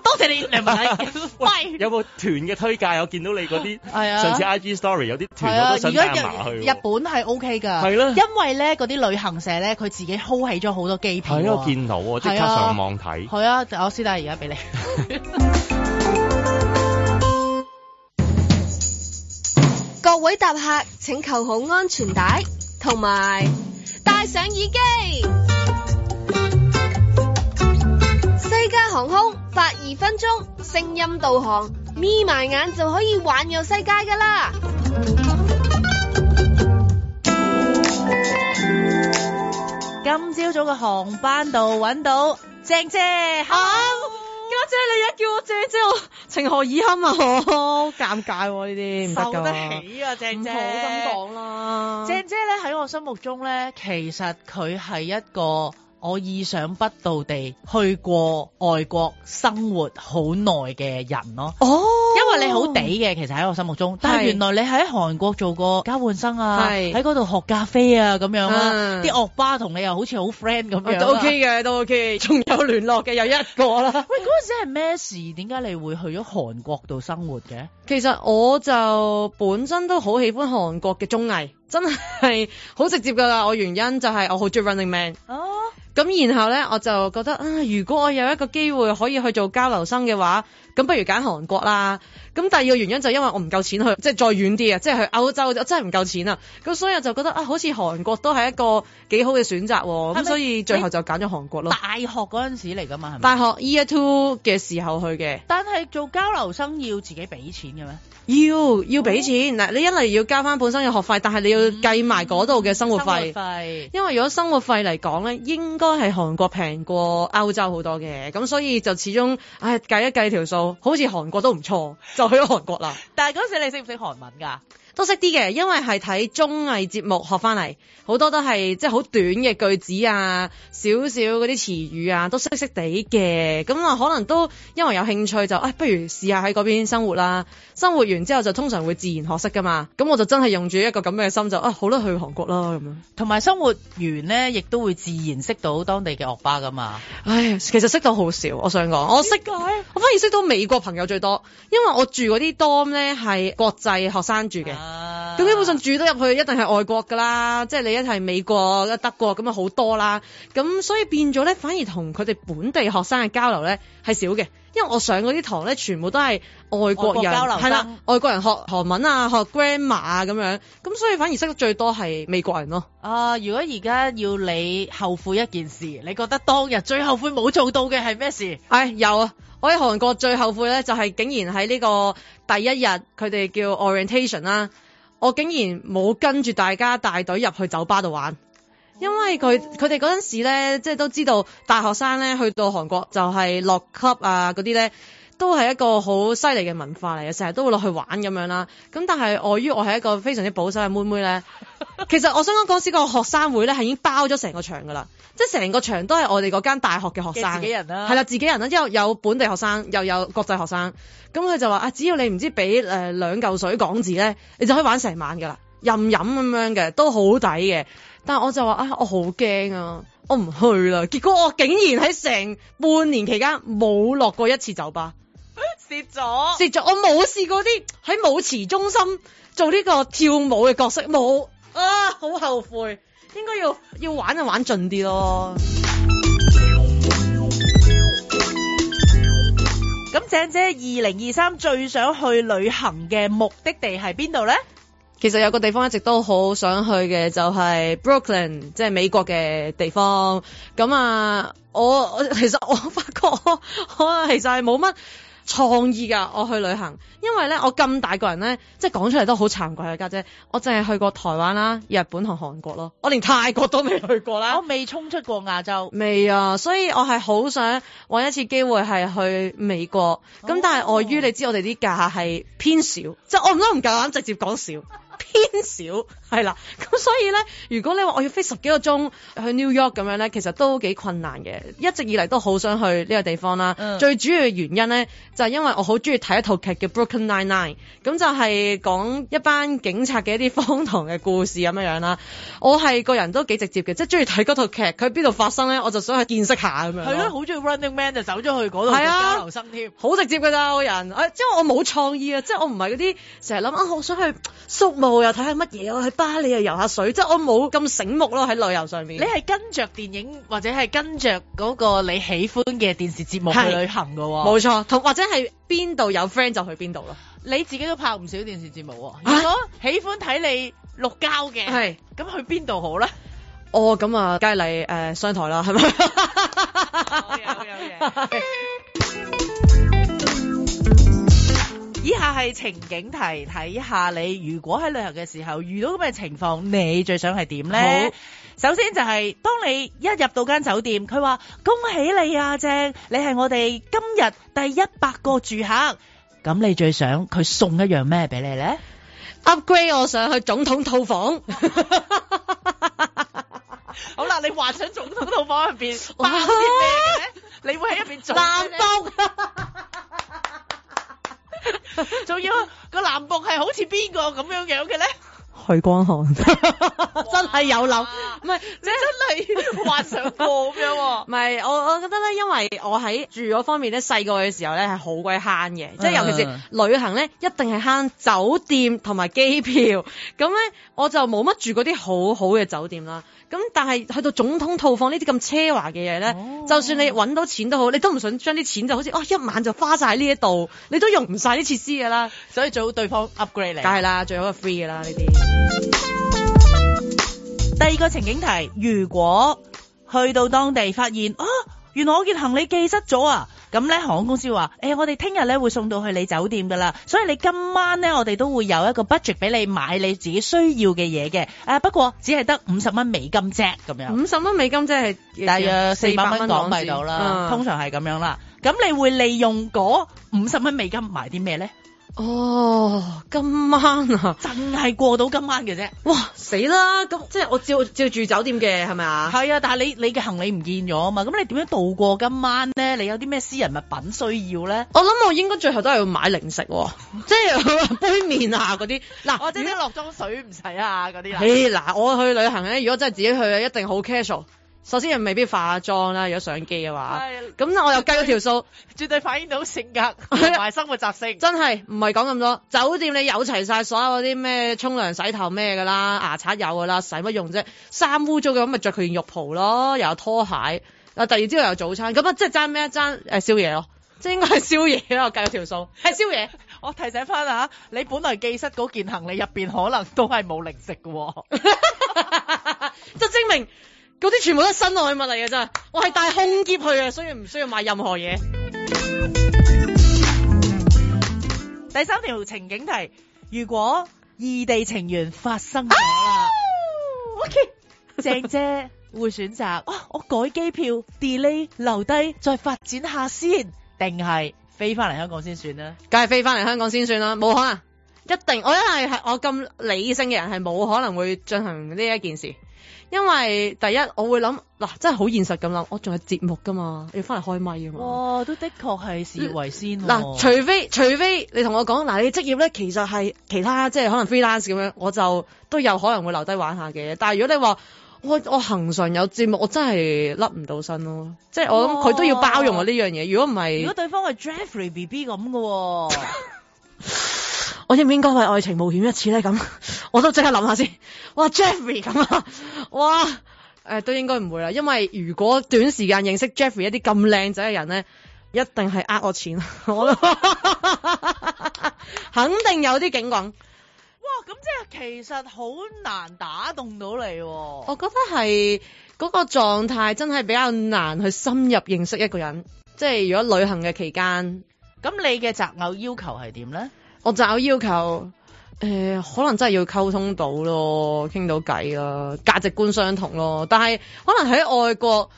多謝你梁文禮。喂，有冇團嘅推介？我見到你嗰啲上次 IG Story 有啲團我想去。日本係 OK 㗎，因為。因為咧，嗰啲旅行社咧，佢自己 hold 起咗好多機票。係我見到，我即刻上網睇。係啊,啊，我先帶而家俾你。 [LAUGHS] 各位搭客，請扣好安全帶，同埋戴上耳機。西加航空八二分鐘聲音導航，眯埋眼就可以環遊世界噶啦！今朝早嘅航班度揾到，鄭姐，啊 Hello! Hello!，家姐你一叫我鄭姐，我情何以堪啊， [LAUGHS] 好尷尬喎呢啲，受得起啊鄭、啊、姐，唔好咁講啦。鄭姐咧喺我心目中咧，其實佢係一個。我意想不到地去過外國生活好耐嘅人咯，哦，因為你好地嘅，其實喺我心目中，但係原來你喺韓國做過交換生啊，喺嗰度學咖啡啊咁樣啦、啊，啲惡巴同你又好似好 friend 咁樣，都 O K 嘅，都 O K 仲有聯絡嘅有一個啦。喂，嗰陣時係咩事？點解你會去咗韓國度生活嘅？其實我就本身都好喜歡韓國嘅綜藝。真係好直接噶啦，我原因就係我好中意 Running Man。哦，咁然後咧，我就覺得啊，如果我有一個機會可以去做交流生嘅話，咁不如揀韓國啦。咁第二個原因就因為我唔夠錢去，即係再遠啲啊，即係去歐洲我真係唔夠錢啊。咁所以我就覺得啊，好似韓國都係一個幾好嘅選擇，哦。咁所以最後就揀咗韓國咯。大學嗰陣時嚟㗎嘛，係咪？大學，大學 Year Two 嘅時候去嘅。但係做交流生要自己俾錢嘅咩？要要俾錢嗱，哦，你一嚟要交翻本身嘅學費，但係你要計埋嗰度嘅生活費。嗯嗯、活費因為如果生活費嚟講咧，應該係韓國平過歐洲好多嘅。咁所以就始終唉計一計條數。好似韓國都唔錯，就去咗韓國啦。 [LAUGHS] 但係嗰時你識唔識韓文㗎？都識啲嘅，因為係睇綜藝節目學翻嚟好多都係即係好短嘅句子啊，少少嗰啲詞語啊，都識識地嘅。咁啊，可能都因為有興趣就啊，不如試下喺嗰邊生活啦。生活完之後就通常會自然學識噶嘛。咁我就真係用住一個咁樣嘅心就啊，好啦，去韓國啦咁樣。同埋生活完呢，亦都會自然識到當地嘅學生噶嘛。唉，其實識到好少。我想講我識嘅，我，我反而識到美國朋友最多，因為我住嗰啲 dorm 呢，咧係國際學生住嘅。咁、啊、基本上住得入去一定係外國噶啦，即、就、係、是、你一係美國、德國咁啊好多啦，咁所以變咗咧反而同佢哋本地學生嘅交流咧係少嘅，因為我上嗰啲堂咧全部都係外國人外國交流，係啦，外國人學韓文啊、學 Grammar 啊咁樣，咁所以反而識得最多係美國人咯。啊，如果而家要你後悔一件事，你覺得當日最後悔冇做到嘅係咩事？哎，有。啊。我喺韓國最後悔咧，就係竟然喺呢個第一日佢哋叫 orientation 啦，我竟然冇跟住大家大隊入去酒吧度玩，因為佢佢哋嗰陣時咧，即係都知道大學生咧去到韓國就係落 club 啊嗰啲咧。都係一個好犀利嘅文化嚟嘅，成日都會落去玩咁樣啦。咁但係礙於我係一個非常之保守嘅妹妹咧， [LAUGHS] 其實我想講嗰時個學生會咧係已經包咗成個場㗎啦，即係成個場都係我哋嗰間大學嘅學生，係啦自己人啦、啊，有有本地學生又有國際學生。咁佢就話啊，只要你唔知俾誒、呃、兩嚿水港紙咧，你就可以玩成晚㗎啦，任飲咁樣嘅都好抵嘅。但我就話、哎、啊，我好驚啊，我唔去啦。結果我竟然喺成半年期間冇落過一次酒吧。跌咗，跌咗，我冇試過啲喺舞池中心做呢個跳舞嘅角色，冇啊，好後悔，應該要要玩就玩盡啲咯。咁， [MUSIC] 姐姐，二零二三最想去旅行嘅目的地係邊度咧？其實有個地方一直都好想去嘅，就係、是、Brooklyn，、ok、即係美國嘅地方。咁啊，我其實我發覺我，我其實係冇乜。創意㗎，我去旅行，因為咧我咁大個人咧，即係講出嚟都好慚愧啊，家姐，姐，我淨係去過台灣啦、日本同韓國咯，我連泰國都未去過啦，我未衝出過亞洲，未啊，所以我係好想搵一次機會係去美國，咁、哦、但係礙於你知我哋啲價係偏少，就我唔得唔夠膽直接講少。偏少係啦，咁所以咧，如果你話我要飛十幾個鐘去 New York 咁樣咧，其實都幾困難嘅。一直以嚟都好想去呢個地方啦。嗯、最主要嘅原因咧，就係、是、因為我好中意睇一套劇叫 Broken Nine Nine，咁就係講一班警察嘅一啲荒唐嘅故事咁樣樣啦。我係個人都幾直接嘅，即係中意睇嗰套劇，佢邊度發生咧，我就想去見識下咁樣。係咯，好中意 Running Man 就走咗去嗰度去交流生添。好直接㗎咋我人，即因我冇創意啊，即我唔係嗰啲成日諗啊，我想去我又睇下乜嘢，去巴厘又游下水，即係我冇咁醒目咯喺旅遊上面。你係跟着電影或者係跟着嗰個你喜歡嘅電視節目去旅行噶？冇錯，同或者係邊度有 friend 就去邊度咯。你自己都拍唔少電視節目，如果喜歡睇你綠膠嘅，係咁去邊度好呢？哦，咁啊，佳麗誒商台啦，係咪？有嘢，有嘢。以下係情景題，睇下你如果喺旅行嘅時候遇到咁嘅情況，你最想係點咧？好首先就係、是、當你一入到間酒店，佢話恭喜你啊，正，你係我哋今日第一百個住客，咁、嗯、你最想佢送一樣咩俾你咧？Upgrade 我上去總統套房。 [LAUGHS] [LAUGHS] 好啦，你話想總統套房入邊，擺啲、啊、你會喺入邊做咩？南風。 [LAUGHS] 仲要 [LAUGHS] 有 [LAUGHS] 個南部係好似邊個咁樣樣嘅咧？許光漢 [LAUGHS] 哇，真係有諗，唔係真係幻想過咁樣。唔係我我覺得咧，因為我喺住嗰方面咧，細個嘅時候咧係好鬼慳嘅，即係、就是、尤其是旅行咧一定係慳酒店同埋機票，咁咧我就冇乜住嗰啲好好嘅酒店啦。咁但係去到總統套房呢啲咁奢華嘅嘢咧，哦、就算你揾到錢都好，你都唔想將啲錢就好似、哦、一晚就花曬喺呢一度，你都用唔曬啲設施㗎啦，所以最好對方 upgrade 嚟。梗係啦，最好係 free 㗎啦呢啲。 [MUSIC] 第二個情景題，如果去到當地發現啊，原來我件行李寄失咗啊！咁咧，航空公司話：誒、欸，我哋聽日咧會送到去你酒店噶啦，所以你今晚咧，我哋都會有一個 budget 俾你買你自己需要嘅嘢嘅。誒、啊，不過只係得五十蚊美金啫，咁樣。五十蚊美金即係大約四百蚊港幣到啦，嗯、通常係咁樣啦。咁你會利用嗰五十蚊美金買啲咩咧？哦，今晚啊，真係過到今晚嘅啫。哇，死啦！咁即係我照照住酒店嘅係咪啊？係啊，但係你你嘅行李唔見咗啊嘛？咁你點樣度過今晚咧？你有啲咩私人物品需要咧？我諗我應該最後都係要買零食、啊， [LAUGHS] 即係杯麵啊嗰啲嗱，或者啲落妝水唔使啊嗰啲啦。嗱，我去旅行咧，如果真係自己去啊，一定好 casual。首先又未必化妝啦，如果上機嘅話。係、哎。咁我又計咗條數，絕對反映到性格同埋生活習性。 [LAUGHS] 真係唔係講咁多。酒店你有齊晒所有嗰啲咩沖涼、洗頭咩㗎啦，牙刷有㗎啦，使乜用啫？衫污糟嘅咁咪着佢件浴袍咯，又有拖鞋。啊，第二朝又有早餐，咁啊即係爭咩？爭誒、哎、宵夜咯，即係應該係宵夜咯。計咗條數係宵夜。我提醒返啊，你本來寄失嗰件行李入邊可能都係冇零食㗎喎、哦。 [LAUGHS] [LAUGHS] 就證明。嗰啲全部都是新外物嚟嘅真，我係帶空結去啊，所以唔需要買任何嘢。第三條情景題，如果異地情緣發生咗啦，O K，姐姐會選擇、啊，我改機票 [LAUGHS] delay 留低再發展下先，定係飛翻嚟香港先算咧？梗係飛翻嚟香港先算啦，冇可能。一定，我因為係我咁理性嘅人，係冇可能會進行呢一件事。因為第一我會諗嗱、啊、真係好現實咁諗，我仲有節目噶嘛，要翻嚟開咪啊嘛。哇、哦，都的確係事業為先、哦。嗱、啊，除非除非你同我講嗱、啊，你職業咧其實係其他即係可能 freelance 咁樣，我就都有可能會留低玩下嘅。但係如果你話我我行上有節目，我真係甩唔到身咯。即係我諗佢都要包容我呢樣嘢。哦、如果唔係，如果對方係 Jeffrey B B 咁嘅、哦。 [LAUGHS] 我應唔應該為愛情冒險一次咧？咁我都即刻諗下先。哇，Jeffrey 咁啊！哇，誒都、呃、應該唔會啦，因為如果短時間認識 Jeffrey 一啲咁靚仔嘅人咧，一定係呃我錢，我肯定有啲警棍，哇，咁即係其實好難打動到你、哦。我覺得係嗰個狀態真係比較難去深入認識一個人。即係如果旅行嘅期間，咁你嘅擇偶要求係點咧？我就要求，誒、呃，可能真係要溝通到咯，傾到偈咯，價值觀相同咯。但係可能喺外國，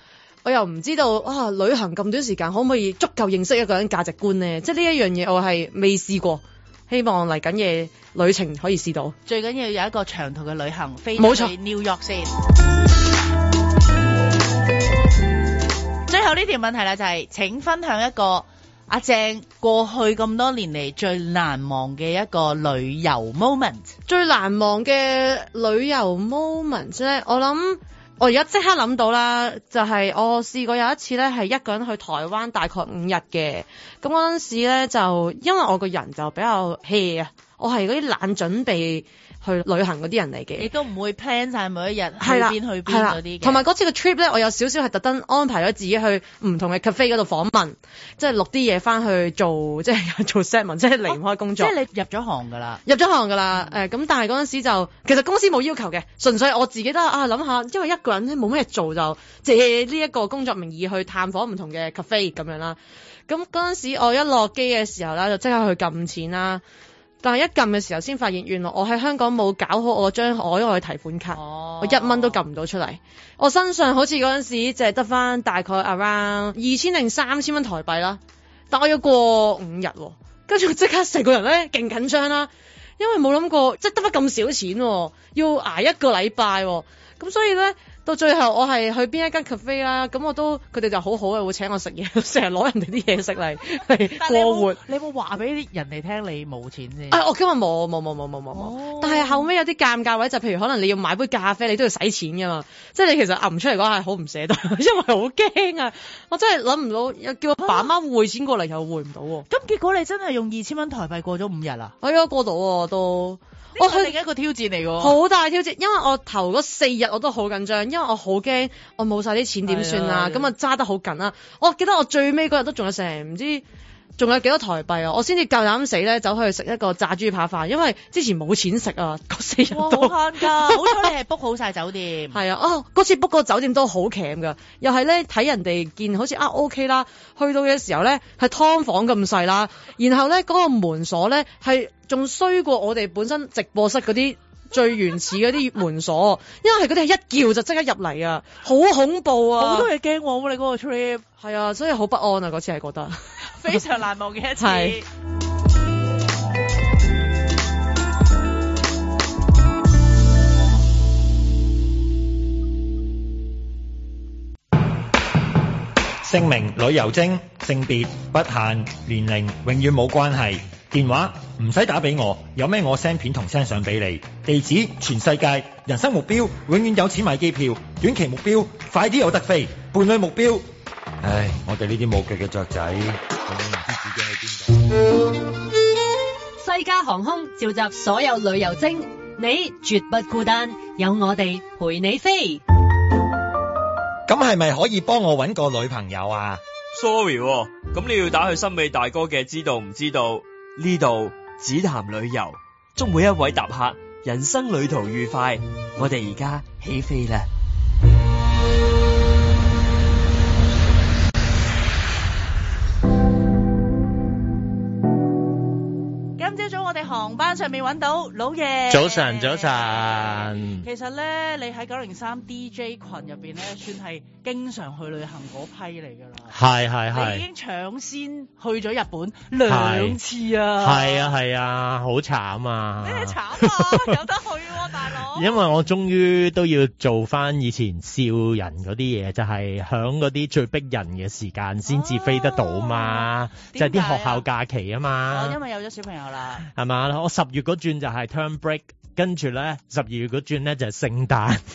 我又唔知道啊，旅行咁短時間可唔可以足夠認識一個人價值觀咧？即係呢一樣嘢，我係未試過。希望嚟緊嘅旅程可以試到。最緊要有一個長途嘅旅行，飛，冇錯，去紐約先。最後呢條問題呢，就係、是、請分享一個。阿正，過去咁多年嚟最難忘嘅一個旅遊 moment，最難忘嘅旅遊 moment 咧，我諗我而家即刻諗到啦，就係我試過有一次咧，係一個人去台灣大概五日嘅，咁嗰陣時咧就因為我個人就比較 hea 啊，我係嗰啲懶準備，去旅行嗰啲人嚟嘅，你都唔會 plan 晒每一日的去邊的去邊嗰啲。同埋嗰次個 trip 咧，我有少少係特登安排咗自己去唔同嘅 cafe 嗰度訪問，即係錄啲嘢翻去做，即係做 set ment, 即係離唔開工作。哦、即係你入咗行㗎啦，入咗行㗎啦。咁、嗯嗯、但係嗰陣時就其實公司冇要求嘅，純粹我自己都啊諗下，因為一個人咧冇乜嘢做，就借呢一個工作名義去探訪唔同嘅 cafe 咁樣啦。咁嗰陣時我一落機嘅時候呢，就即刻去撳錢啦。但係一撳嘅時候，先發現原來我喺香港冇搞好我張海外提款卡，oh. 我一蚊都撳唔到出嚟。我身上好似嗰陣時淨係得翻大概 around 二千零三千蚊台幣啦，但係我要過五日，啊，跟住我即刻成個人咧勁緊張啦，啊，因為冇諗過即係得翻咁少錢，啊，要挨一個禮拜，啊，咁所以咧。到最後我係去邊一間 cafe 啦，咁我都佢哋就好好嘅會請我食嘢，成日攞人哋啲嘢食嚟嚟過活。你會話俾啲人嚟聽你冇錢先？啊、哎，我、哦、今日冇冇冇冇冇冇冇，哦、但係後尾有啲尷尬位就譬如可能你要買杯咖啡，你都要使錢㗎嘛，即、就、係、是、你其實揞出嚟講係好唔捨得，因為好驚啊！我真係諗唔到又叫我爸媽匯錢過嚟、啊、又匯唔到、啊，咁結果你真係用二千蚊台幣過咗五日啦，我呀、啊，過到到。我哋另一個挑戰嚟喎，好大挑戰，因為我頭嗰四日我都好緊張，因為我好驚我冇晒啲錢點算啊！咁啊揸得好緊啊！我記得我最尾嗰日都仲有成唔知仲有幾多台幣啊！我先至夠膽死咧走去食一個炸豬扒飯，因為之前冇錢食啊！嗰四日哇，好慘㗎！ [LAUGHS] 好彩你係 book 好晒酒店，係 [LAUGHS] 啊！嗰次 book 個酒店都好攜㗎，又係咧睇人哋見好似啊 OK 啦，去到嘅時候咧係劏房咁細啦，然後咧嗰、那個門鎖咧係。仲衰過我哋本身直播室嗰啲最原始嗰啲門鎖， [LAUGHS] 因為係嗰啲一叫就即刻入嚟啊，好恐怖啊！好多嘢驚我咁、啊、你嗰個 trip，係啊，所以好不安啊，嗰次係覺得非常難忘嘅一次。 [LAUGHS] 是姓名：旅遊精，性別不限，年齡永遠冇關係。電話唔使打俾我，有咩我 send 片同 send 相俾你。地址全世界，人生目標永遠有錢買機票，短期目標快啲有得飛，伴侶目標。唉，我哋呢啲冇腳嘅雀仔，唔知自己喺邊度。西加航空召集所有旅遊精，你絕不孤單，有我哋陪你飛。咁係咪可以幫我搵個女朋友啊？Sorry 喎，咁你要打去森美大哥嘅，知道唔知道？呢度只談旅遊，祝每一位搭客人生旅途愉快。我哋而家起飛啦！航班上面揾到老爺。早晨，早晨。其實咧，你喺九零三 DJ 群入邊咧，算係經常去旅行嗰批嚟㗎啦。係係係。已經搶先去咗日本兩次啊！係啊係啊，好慘啊！你係慘啊？有得去喎，大佬。因為我終於都要做翻以前少人嗰啲嘢，就係響嗰啲最逼人嘅時間先至飛得到啊嘛。啊，點解？就係啲學校假期嘛啊嘛。因為有咗小朋友啦。係嘛？我十月嗰轉就係 turn break，跟住咧十二月嗰轉咧就係聖誕。 [LAUGHS]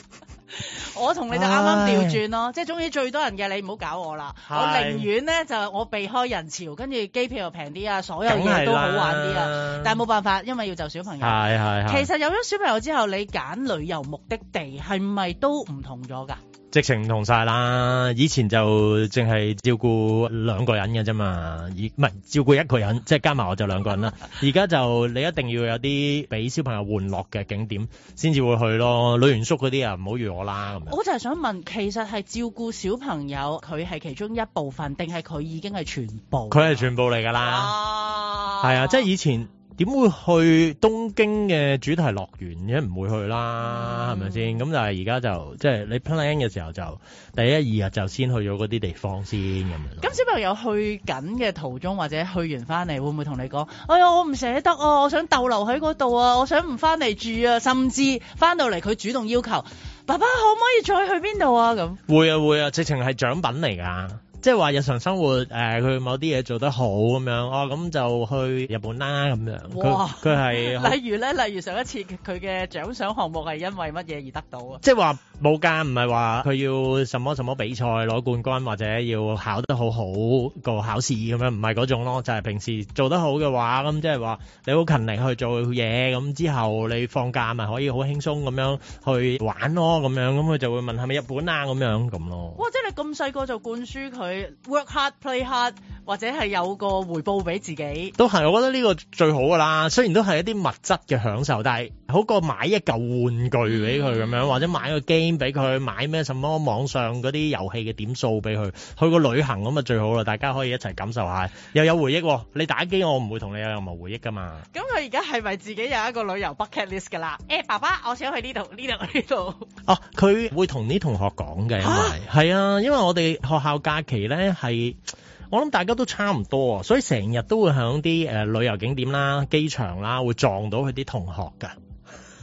[LAUGHS] 我同你就啱啱調轉咯，唉即係終於最多人嘅，你唔好搞我啦，唉我寧願咧就我避開人潮，跟住機票又平啲啊，所有嘢都好玩啲啊，但係冇辦法，因為要就小朋友。係係係。其實有咗小朋友之後，你揀旅遊目的地係咪都唔同咗㗎？直情唔同晒啦！以前就淨係照顧兩個人嘅啫嘛，而唔係照顧一個人，即係加埋我就兩個人啦。而家 [LAUGHS] 就你一定要有啲俾小朋友玩樂嘅景點，先至會去咯。女完宿嗰啲啊，唔好預我啦咁樣。我就係想問，其實係照顧小朋友，佢係其中一部分，定係佢已經係全部？佢係全部嚟㗎啦，係啊，啊，即係以前。點會去東京嘅主題樂園？一唔會去啦，係咪先？咁但係而家就即係、就是、你 plan 嘅時候就第一二日就先去咗嗰啲地方先咁樣。咁小朋友去緊嘅途中或者去完翻嚟，會唔會同你講，哎呀，我唔捨得啊！我想逗留喺嗰度啊！我想唔翻嚟住啊！甚至翻到嚟佢主動要求，爸爸，可唔可以再去邊度啊？咁會啊，會啊，會啊直情係獎品嚟㗎。即係話日常生活誒，佢、呃、某啲嘢做得好咁樣，哦咁就去日本啦咁樣。哇，佢佢係，例如咧，例如上一次佢嘅獎賞項目係因為乜嘢而得到啊？即係話。冇㗎，唔係話佢要什麼什麼比賽攞冠軍或者要考得好好個考試咁樣，唔係嗰種咯，就係、是、平時做得好嘅話，咁即係話你好勤力去做嘢，咁之後你放假咪可以好輕鬆咁樣去玩咯，咁樣咁佢就會問係咪日本啊？咁樣咁咯。哇！即係你咁細個就灌輸佢 work hard play hard。或者係有個回報俾自己，都係，我覺得呢個最好噶啦。雖然都係一啲物質嘅享受，但係好過買一嚿玩具俾佢咁樣，或者買個 game 俾佢，買咩什麼網上嗰啲遊戲嘅點數俾佢，去個旅行咁就最好啦。大家可以一齊感受下，又有回憶、啊。你打機，我唔會同你有任何回憶噶嘛。咁佢而家係咪自己有一個旅遊 bucket list 噶啦？誒、欸，爸爸，我想去呢度，呢度，呢度。哦、啊，佢會同啲同學講嘅，係蛤啊，因為我哋學校假期咧係。我諗大家都差唔多，所以成日都會喺啲誒旅遊景點啦、機場啦，會撞到佢啲同學㗎。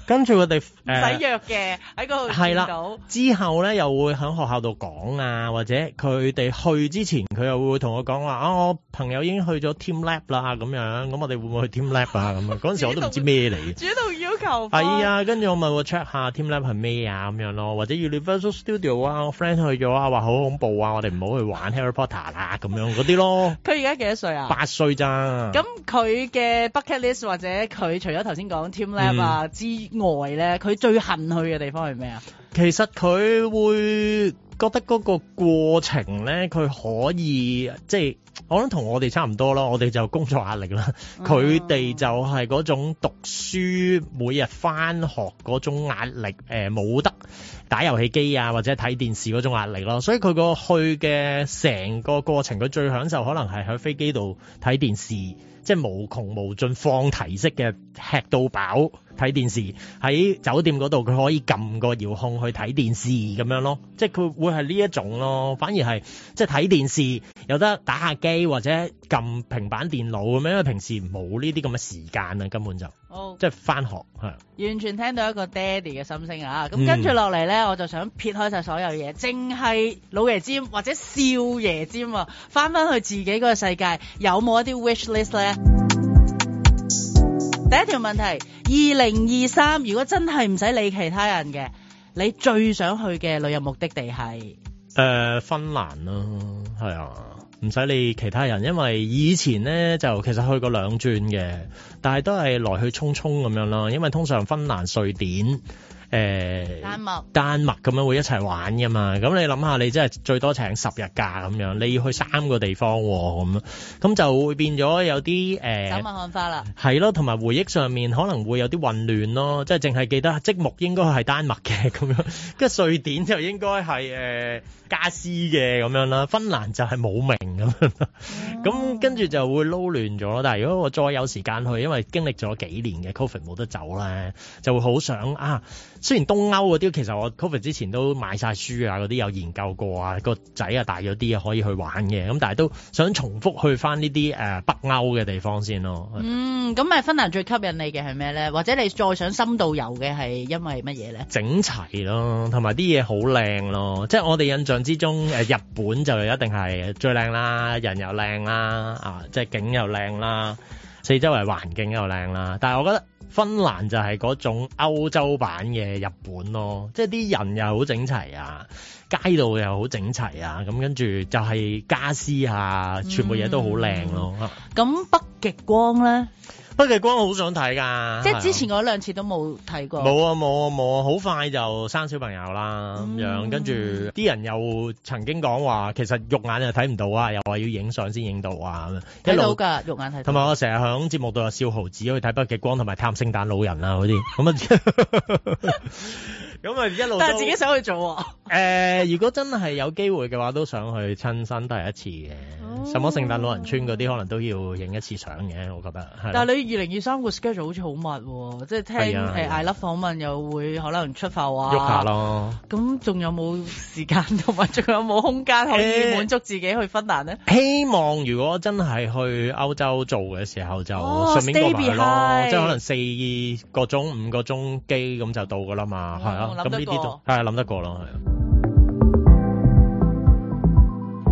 跟住佢哋唔使約嘅，喺、呃、度。係啦。之後咧又會喺學校度講啊，或者佢哋去之前佢又會同我講話啊，我朋友已經去咗 Team Lab 啦咁樣，咁我哋會唔會去 Team Lab 啊？咁樣嗰陣時我都唔知咩嚟，主動要求係啊，跟住、哎、我咪 check 下 Team Lab 係咩啊咁樣咯，或者 Universal Studio 啊，我 friend 去咗啊，話好恐怖啊，我哋唔好去玩 Harry Potter 啦咁樣嗰啲咯。佢而家幾多歲啊？八歲咋？咁佢嘅 bucket list 或者佢除咗頭先講 Team Lab 啊之、嗯。外咧，佢最恨去嘅地方係咩啊？其實佢會覺得嗰個過程咧，佢可以即係，我諗同我哋差唔多咯。我哋就工作壓力啦，佢哋、uh huh. 就係嗰種讀書每日翻學嗰種壓力，誒、呃，冇得打遊戲機啊，或者睇電視嗰種壓力咯。所以佢個去嘅成個過程，佢最享受可能係喺飛機度睇電視，即係無窮無盡放題式嘅吃到飽。睇電視喺酒店嗰度，佢可以撳個遙控去睇電視咁樣咯，即係佢會係呢一種咯，反而係即係睇電視有得打下機或者撳平板電腦咁樣，因為平時冇呢啲咁嘅時間啊，根本就、oh, 即係翻學完全聽到一個爹 y 嘅心聲啊！咁跟住落嚟呢，嗯、我就想撇開晒所有嘢，淨係老爺尖或者少爺尖翻翻去自己嗰個世界，有冇一啲 wish list 呢？第一條問題：二零二三，如果真係唔使理其他人嘅，你最想去嘅旅遊目的地係？誒、呃，芬蘭咯，係啊，唔使、啊、理其他人，因為以前呢就其實去過兩轉嘅，但係都係來去匆匆咁樣啦，因為通常芬蘭、瑞典，誒、欸、丹麥麥，丹麥咁樣會一齊玩㗎嘛？咁你諗下，你真係最多請十日假咁樣，你要去三個地方喎、啊，咁咁就會變咗有啲誒，走馬看花啦。係咯，同埋回憶上面可能會有啲混亂咯，即係淨係記得積木應該係丹麥嘅咁樣，跟住瑞典就應該係誒、呃、加斯嘅咁樣啦，芬蘭就係冇名咁樣，咁、哦、跟住就會撈亂咗，但係如果我再有時間去，因為經歷咗幾年嘅 covid 冇得走啦，就會好想啊～雖然東歐嗰啲其實我 COVID 之前都買晒書啊，嗰啲有研究過啊、個仔啊大咗啲啊可以去玩嘅咁，但係都想重複去翻呢啲誒北歐嘅地方先咯。嗯，咁咪芬蘭最吸引你嘅係咩咧？或者你再想深度遊嘅係因為乜嘢咧？整齊咯，同埋啲嘢好靚咯，即係我哋印象之中 [LAUGHS] 日本就一定係最靚啦，人又靚啦，啊即係景又靚啦，四周圍環境又靚啦，但係我覺得。芬蘭就係嗰種歐洲版嘅日本咯，即係啲人又好整齊啊，街道又好整齊啊，咁跟住就係家私啊，全部嘢都好靚咯。咁、嗯嗯、北極光呢？北極光好想睇噶，即係之前嗰兩次都冇睇過。冇啊冇啊冇啊，好、啊啊、快就生小朋友啦咁樣，嗯、跟住啲人又曾經講話，其實肉眼又睇唔到啊，又話要影相先影到啊。睇到噶，肉眼睇到。同埋我成日響節目度有笑豪可去睇北極光，同埋探聖誕老人啊嗰啲。咁啊。 [LAUGHS] [LAUGHS] 咁咪一路，但係自己想去做誒，如果真係有機會嘅話，都想去親身第一次嘅。什麼聖誕老人村嗰啲，可能都要影一次相嘅，我覺得。但係你二零二三個 schedule 好似好密，即係聽誒 I Love 訪問又會可能出發話。喐下咯。咁仲有冇時間同埋仲有冇空間可以滿足自己去芬蘭呢？希望如果真係去歐洲做嘅時候，就順便過去咯，即係可能四個鐘、五個鐘機咁就到噶啦嘛，係啊。咁呢啲都係諗得過咯，係，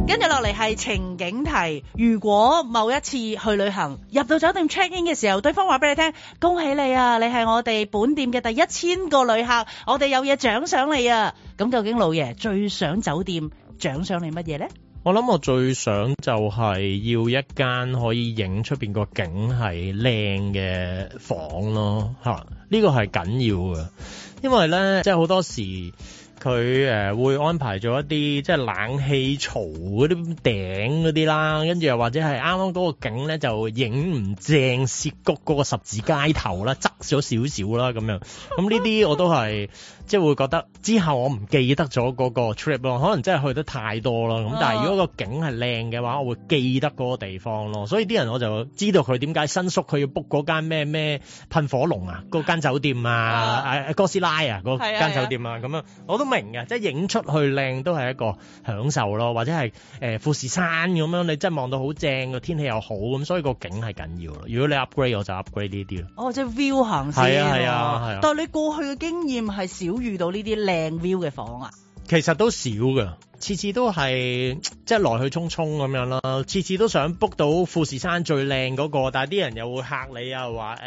跟住落嚟係情景題，如果某一次去旅行入到酒店 check in 嘅時候，對方話俾你聽：恭喜你啊，你係我哋本店嘅第一千個旅客，我哋有嘢獎賞你啊！咁究竟老爺最想酒店獎賞你乜嘢咧？我諗我最想就係要一間可以影出面個景係靚嘅房咯，嚇、啊！呢個係緊要嘅。因為咧，即係好多時佢誒、呃、會安排咗一啲即係冷氣槽嗰啲頂嗰啲啦，跟住又或者係啱啱嗰個景咧就影唔正，澀谷嗰個十字街頭啦，側咗少少啦咁樣，咁呢啲我都係。即係會覺得之後我唔記得咗嗰個 trip 咯，可能真係去得太多咯。咁但係如果個景係靚嘅話，我會記得嗰個地方咯。所以啲人我就知道佢點解新宿佢要 book 嗰間咩咩噴火龍啊，嗰間酒店啊，啊，啊，哥斯拉啊嗰間酒店啊咁、啊啊、樣。我都明嘅，即係影出去靚都係一個享受咯，或者係誒、呃、富士山咁樣，你真係望到好正嘅天氣又好咁，所以個景係緊要咯。如果你 upgrade，我就 upgrade 呢啲咯。哦，即係 view 行先係啊係啊啊！啊啊啊但係你過去嘅經驗係少。遇到呢啲靚 view 嘅房啊，其實都少㗎。次次都係即係來去匆匆咁樣咯，次次都想 book 到富士山最靚嗰個，但係啲人又會嚇你啊，話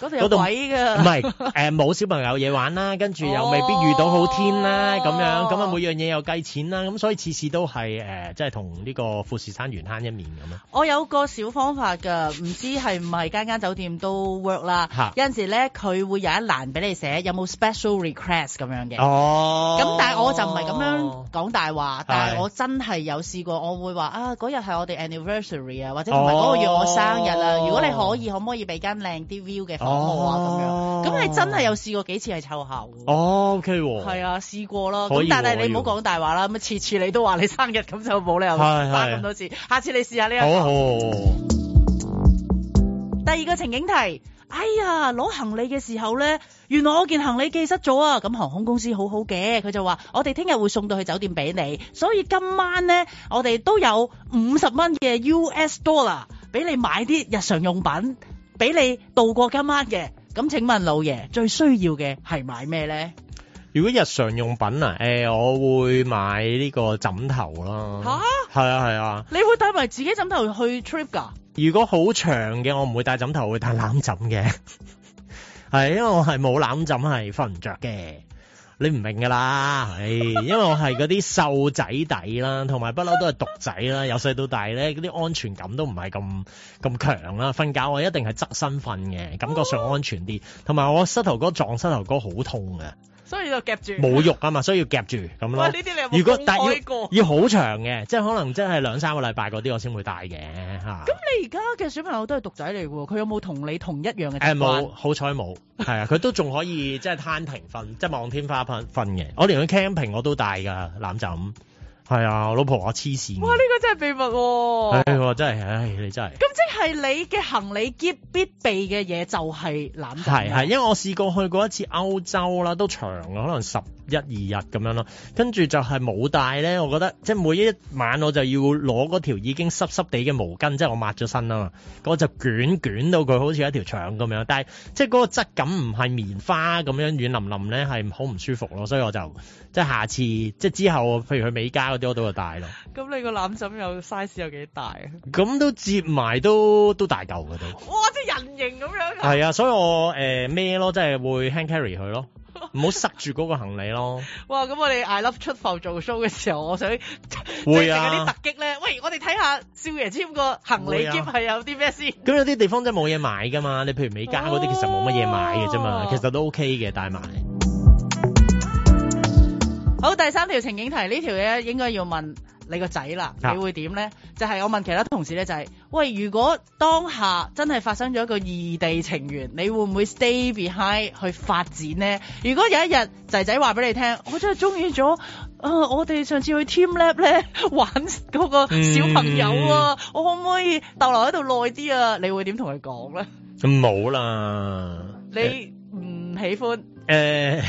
誒嗰度有鬼㗎，唔係誒冇小朋友嘢玩啦，跟住又未必遇到好天啦，咁樣咁啊每樣嘢又計錢啦，咁所以次次都係誒即係同呢個富士山緣慳一面咁啊。我有個小方法㗎，唔知係唔係間間酒店都 work 啦？有陣時咧佢會有一欄俾你寫有冇 special request 咁樣嘅，咁但係我就唔係咁樣講大話。但係我真係有試過，我會話啊，嗰日係我哋 anniversary 啊，或者同埋嗰個月、哦、我生日啊。如果你可以，可唔可以俾間靚啲 view 嘅房啊？咁、哦、樣咁你真係有試過幾次係湊效哦，OK 喎、哦。係啊，試過囉。咁但係你唔好講大話啦。咁次要次你都話你生日咁就冇理由咁多次，是是下次你試下呢一個。好好，第二個情景題。哎呀，攞行李嘅時候咧，原來我件行李寄失咗啊！咁航空公司好好嘅，佢就話：我哋聽日會送到去酒店俾你。所以今晚咧，我哋都有五十蚊嘅 US dollar 俾你買啲日常用品，俾你度過今晚嘅。咁請問老爺最需要嘅係買咩咧？如果日常用品啊，欸、我會買呢個枕頭囉。吓？係啊係啊！啊啊你會帶埋自己枕頭去 trip 㗎？如果好長嘅，我唔會帶枕頭，會帶攬枕嘅，係 [LAUGHS] 因為我係冇攬枕係瞓唔著嘅，你唔明㗎啦，係因為我係嗰啲瘦仔底啦，同埋不嬲都係獨仔啦，由細到大咧嗰啲安全感都唔係咁咁強啦，瞓覺我一定係側身瞓嘅，感覺上安全啲，同埋我膝頭哥撞膝頭哥好痛嘅。所以就夾住冇肉啊嘛，所以要夾住咁咯。啊、你有冇如果但要要好長嘅，即係可能真係兩三個禮拜嗰啲，我先會戴嘅。咁你而家嘅小朋友都係獨仔嚟喎，佢有冇同你同一樣嘅習慣？冇、嗯，好彩冇，係啊， [LAUGHS] 佢都仲可以即係攤平瞓，即係 [LAUGHS] 望天花瞓瞓嘅。我連佢 camping 我都戴㗎攬枕。係啊，我老婆話痴線哇！呢、個真係秘密喎、啊。誒、啊，我真係唉，你真係咁即係你嘅行李結必備嘅嘢，就係攬。係係、啊，因為我試過去過一次歐洲啦，都長啦，可能十。一二日咁樣咯，跟住就係冇帶咧，我覺得即係每一晚我就要攞嗰條已經濕濕地嘅毛巾，即係我抹咗身啊嘛，我就捲捲到佢好似一條腸咁樣，但係即係嗰個質感唔係棉花咁樣軟淋淋咧，係好唔舒服咯，所以我就即係下次即係之後，譬如去美加嗰啲，我都會帶咯。咁你個攬枕有 size 有幾大啊？咁都接埋都都大嚿嘅都。哇！即係人形咁樣、啊。係啊，所以我誒咩、呃、咯，即係會 hand carry 佢咯。唔好 [LAUGHS] 塞住嗰個行李咯。哇，咁我哋 I Love 出埠做 show 嘅時候，我想即係嗰啲突擊咧。喂，我哋睇下少爺簽個行李篋係有啲咩先。咁、啊、 [LAUGHS] 有啲地方真係冇嘢買噶嘛？你譬如美加嗰啲，其實冇乜嘢買嘅啫嘛。哦、其實都 OK 嘅，帶埋。好，第三條情景題，呢條嘢應該要問。你個仔啦，你會點咧？啊、就係我問其他同事咧，就係、是、喂，如果當下真係發生咗一個異地情緣，你會唔會 stay behind 去發展咧？如果有一日仔仔話俾你聽，我真係中意咗啊！我哋上次去 team lab 咧玩嗰個小朋友啊，嗯、我可唔可以逗留喺度耐啲啊？你會點同佢講咧？咁冇啦，你唔喜歡誒？欸欸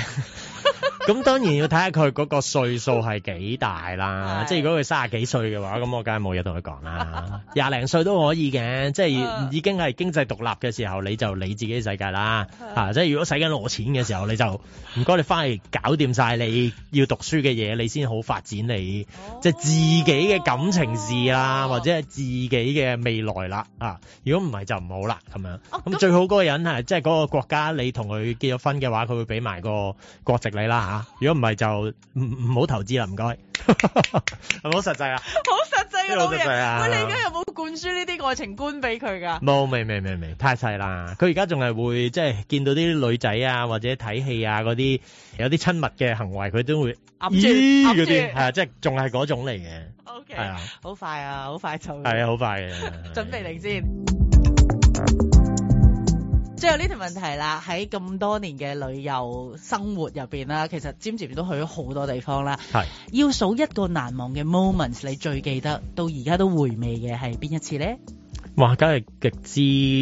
咁 [LAUGHS] 當然要睇下佢嗰個歲數係幾大啦，是即係如果佢三十幾歲嘅話，咁我梗係冇嘢同佢講啦。廿零歲都可以嘅，即係已經係經濟獨立嘅時候，你就你自己世界啦是、啊。即係如果使緊攞錢嘅時候， [LAUGHS] 你就唔該你翻嚟搞掂晒你， [LAUGHS] 你要讀書嘅嘢，你先好發展你即係、oh，自己嘅感情事啦 yeah. 或者係自己嘅未來啦。啊，如果唔係就唔好啦咁樣，咁最好嗰個人係那即係嗰個國家，你同佢結咗婚嘅話，佢會俾埋個國。你啦嚇，如果唔係就唔唔好投資啦，唔該，係 [LAUGHS] 好實，實際啊？好闆實際嘅老人，餵你而家有冇灌輸呢啲愛情觀俾佢噶？冇，未未未未，太細啦。佢而家仲係會即係見到啲女仔啊，或者睇戲啊嗰啲有啲親密嘅行為，佢都會噏住嗰係住即係仲係嗰種嚟嘅。O K，係啊，好快啊，好快就係啊，好快嘅， [LAUGHS] 準備嚟先。最後呢條問題啦，喺咁多年嘅旅遊生活入面啦，其實詹子健都去咗好多地方啦。是要數一個難忘嘅 moment，你最記得到而家都回味嘅係邊一次呢？哇，梗係極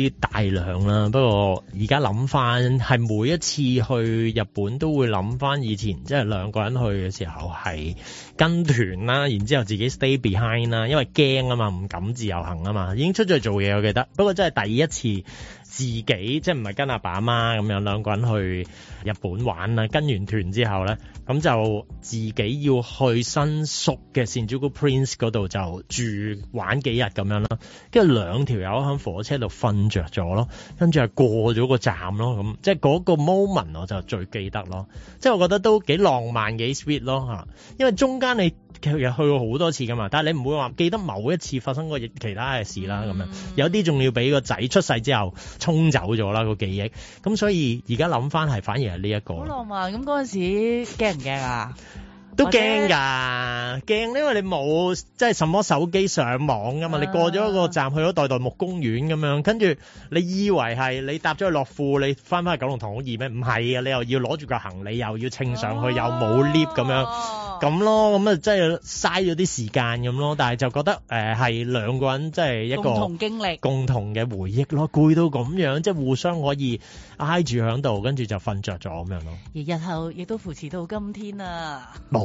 之大量啦。不過而家諗翻係每一次去日本都會諗翻以前，即係兩個人去嘅時候係跟團啦，然之後自己 stay behind 啦，因為驚啊嘛，唔敢自由行啊嘛，已經出咗去做嘢。我記得不過真係第一次。自己即係唔係跟阿爸阿媽咁樣兩個人去日本玩啦，跟完團之後咧，咁就自己要去新宿嘅扇子谷 Prince 嗰度就住玩幾日咁樣啦，跟住兩條友喺火車度瞓着咗咯，跟住係過咗個站咯，咁即係嗰個 moment 我就最記得咯，即係我覺得都幾浪漫幾 sweet 咯嚇，因為中間你。佢又去過好多次噶嘛，但係你唔會話記得某一次發生過其他嘅事啦咁、嗯、樣有啲仲要俾個仔出世之後沖走咗啦、個記憶。咁所以而家諗翻係反而係呢一個好浪漫，咁嗰陣時驚唔驚啊？ [LAUGHS] 都驚㗎，驚因為你冇即係什麼手機上網㗎嘛，你過咗一個站去咗代代木公園咁樣，跟住你以為係你搭咗去落庫，你翻返去九龍塘好易咩？唔係啊，你又要攞住個行李，又要稱上去，又冇 lift 咁樣，咁咯，咁啊即係嘥咗啲時間咁咯。但係就覺得誒係兩個人即係一個共同經歷、共同嘅回憶咯，攰到咁樣，即係互相可以挨住喺度，跟住就瞓著咗咁樣咯。而日後亦都扶持到今天啊！冇。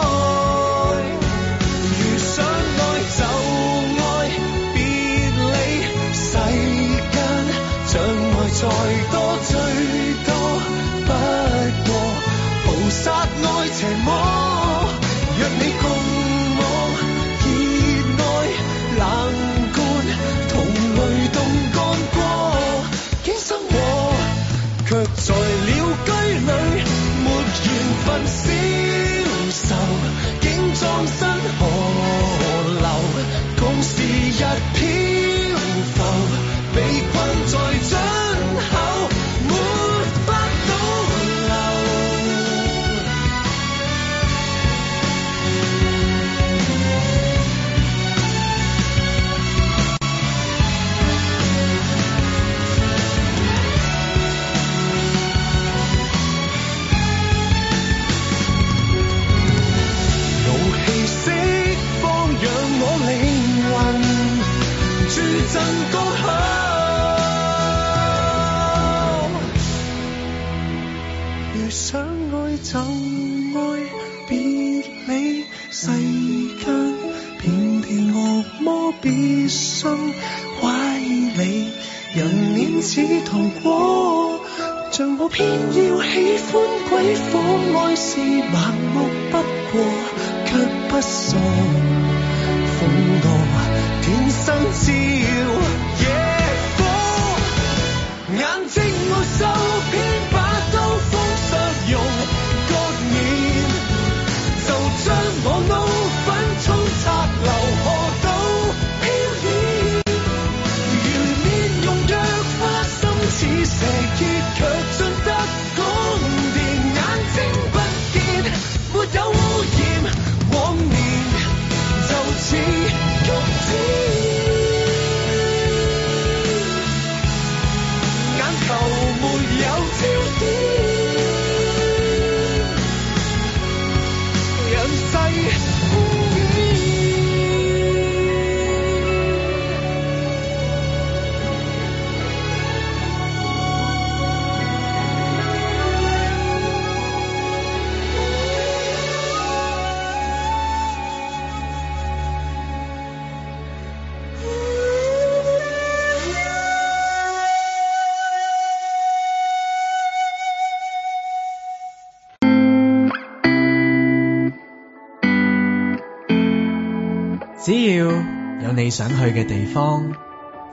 想去嘅地方，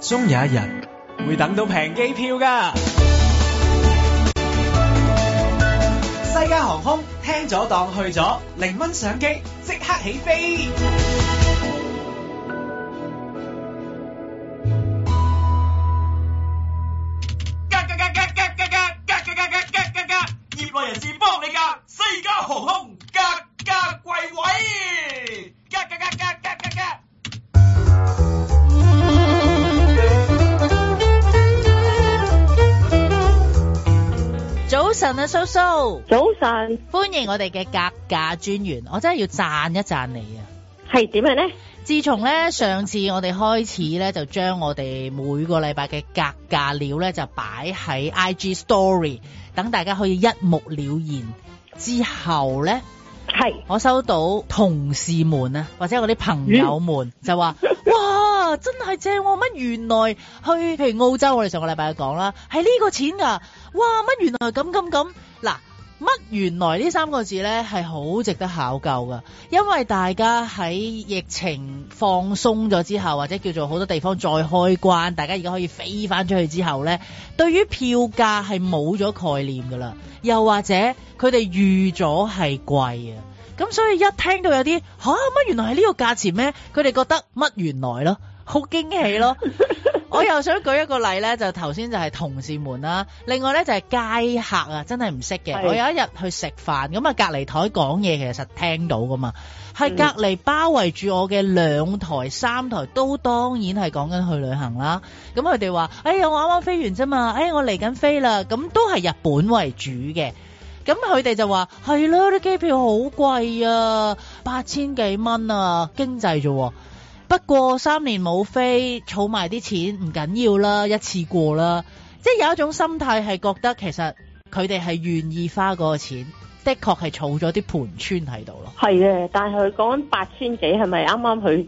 終有一日會等到平機票噶。西加航空聽咗當去咗，零蚊上機即刻起飛。蘇，so, 早晨，歡迎我哋嘅格價專員，我真係要贊一贊你啊！係點樣呢？自從呢上次我哋開始呢，就將我哋每個禮拜嘅格價料呢，就擺喺 IG Story，等大家可以一目了然。之後呢，係是我收到同事們啊，或者我啲朋友們就話：，嗯、 [LAUGHS] 哇，真係正、哦！乜原來去譬如澳洲，我哋上個禮拜講啦，係呢個錢噶。哇！乜原來咁咁咁？嗱，乜原來呢三個字呢係好值得考究噶，因為大家喺疫情放鬆咗之後，或者叫做好多地方再開關，大家而家可以飛翻出去之後呢，對於票價係冇咗概念噶啦，又或者佢哋預咗係貴啊，咁所以一聽到有啲啊，乜原來係呢個價錢咩？佢哋覺得乜原來咯，好驚喜咯！ [LAUGHS] 我又想舉一個例咧，就頭先就係同事們啦。另外咧就係街客啊，真係唔識嘅。是我有一日去食飯，咁啊隔離台講嘢，其實，實聽到㗎嘛。係、嗯、隔離包圍住我嘅兩台三台都當然係講緊去旅行啦。咁佢哋話：哎呀，我啱啱飛完啫嘛，哎，我嚟緊飛啦。咁、哎、都係日本為主嘅。咁佢哋就話：係囉，啲機票好貴啊，八千幾蚊啊，經濟啫。不過三年冇飛，儲埋啲錢唔緊要啦，一次過啦。即係有一種心態係覺得其實佢哋係願意花嗰個錢，的確係儲咗啲盤纏喺度咯。係嘅，但係佢講緊八千幾係咪啱啱佢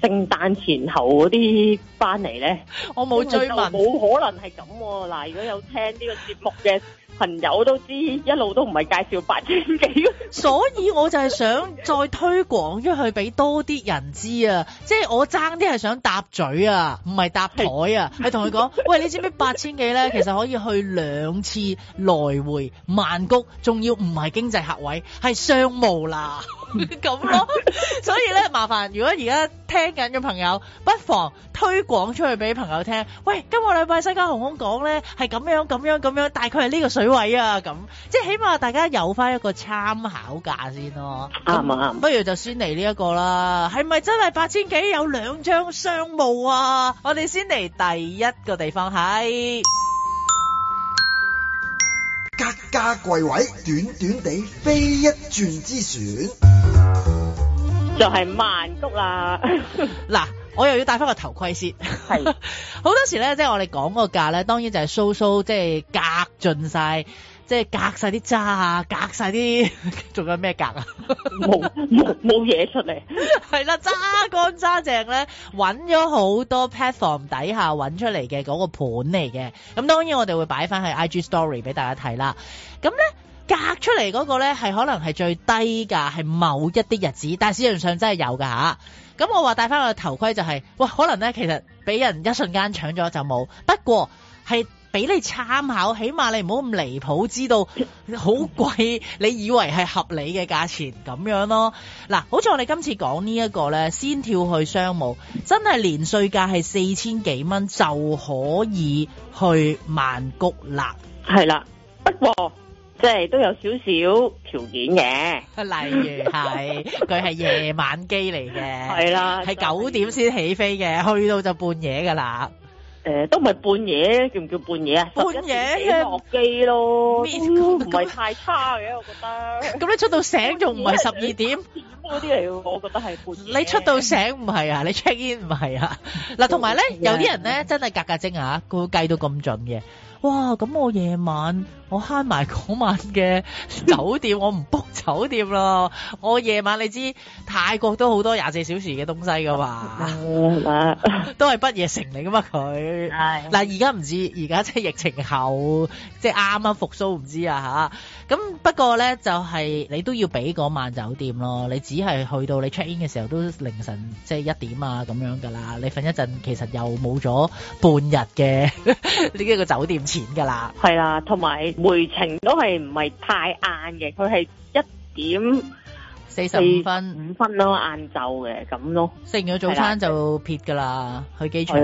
聖誕前後嗰啲翻嚟咧？我冇追問，冇可能係咁。嗱，如果有聽呢個節目嘅。朋友都知，一路都唔係介紹八千幾， [LAUGHS] 所以我就係想再推廣咗去俾多啲人知啊！即係我爭啲係想搭嘴啊，唔係搭台啊，係同佢講：「 [LAUGHS] 喂，你知唔知八千幾呢？其實可以去兩次來回曼谷，仲要唔係經濟客位，係商務啦。」咁 [LAUGHS] 咯，所以咧麻煩，如果而家聽緊嘅朋友，不妨推廣出去俾朋友聽。喂，今個禮拜西加航空講咧係咁樣咁樣咁樣，大概係呢個水位啊咁，即係起碼大家有翻一個參考價先咯。啱啊，不如就先嚟呢一個啦。係咪真係八千幾有兩張商務啊？我哋先嚟第一個地方，係格價櫃位，短短地飛一轉之選。就係曼谷 [LAUGHS] 啦，嗱，我又要戴翻個頭盔先。係是，好 [LAUGHS] 多時咧，即係我哋講嗰個價咧，當然就係 s o 即係隔盡晒，即係隔晒啲渣啊，隔晒啲，仲 [LAUGHS] 有咩隔啊？冇冇冇嘢出嚟，係 [LAUGHS] 啦，渣乾渣淨咧，揾咗好多 platform 底下揾出嚟嘅嗰個盤嚟嘅，咁當然我哋會擺翻去 IG Story 俾大家睇啦，咁咧。隔出嚟嗰個呢係可能係最低價，係某一啲日子，但係市場上真係有㗎嚇。咁我話戴翻個頭盔就係、是，哇！可能呢，其實俾人一瞬間搶咗就冇，不過係俾你參考，起碼你唔好咁離譜，知道好貴，你以為係合理嘅價錢咁樣咯。嗱，好似我哋今次講呢一個呢，先跳去商務，真係年稅價係四千幾蚊就可以去曼谷啦，係啦，不過。即係都有少少條件嘅，例如係佢係夜晚機嚟嘅，係啦，係九點先起飛嘅，去到就半夜㗎啦。誒，都唔係半夜，叫唔叫半夜啊？半夜嘅落機咯，都唔係太差嘅，我覺得。咁你出到醒仲唔係十二點？嗰啲嚟，我覺得係半夜。你出到醒唔係啊？你 check in 唔係啊？嗱，同埋咧，有啲人咧真係格格精啊，估計到咁準嘅。哇，咁我夜晚我慳埋嗰晚嘅酒店， [LAUGHS] 我唔 book 酒店咯。我夜晚你知泰國都好多廿四小時嘅東西噶嘛， [LAUGHS] 都係不夜城嚟噶嘛佢。嗱，而家唔知而家即係疫情後即係啱啱復蘇唔知啊吓。咁不過咧就係、是、你都要俾嗰晚酒店咯。你只係去到你 check in 嘅時候都凌晨即係一點啊咁樣噶啦。你瞓一陣其實又冇咗半日嘅呢一個酒店錢噶啦，係啦，同埋回程都係唔係太晏嘅，佢係一點四十五分五分咯，晏晝嘅咁咯。食完咗早餐的就撇噶啦，去機場，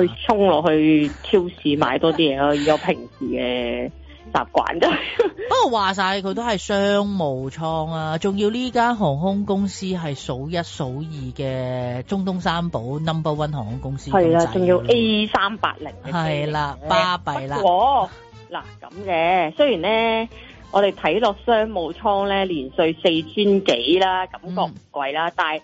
去衝落去超市買多啲嘢咯，有 [LAUGHS] 平時嘅。習慣 [LAUGHS] 不過話曬佢都係商務艙啊，仲要呢間航空公司係數一數二嘅中東三寶 Number One 航空公司，係、啊啊、啦，仲要 A 三八零，係啦，巴閉啦，嗱咁嘅。雖然呢，我哋睇落商務艙呢，年稅四千幾啦，感覺唔貴啦，但係、嗯。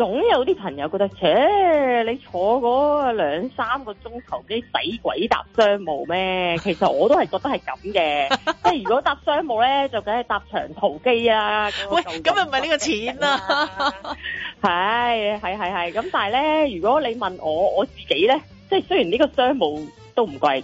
總有啲朋友覺得，切，你坐嗰兩三個鐘頭機使鬼搭商務咩？其實我都係覺得係咁嘅， [LAUGHS] 即係如果搭商務咧，就梗係搭長途機啊。得不得不得喂，咁又唔係呢個錢啊？係， [LAUGHS] 係係係係。咁但係咧，如果你問我我自己咧，即係雖然呢個商務都唔貴。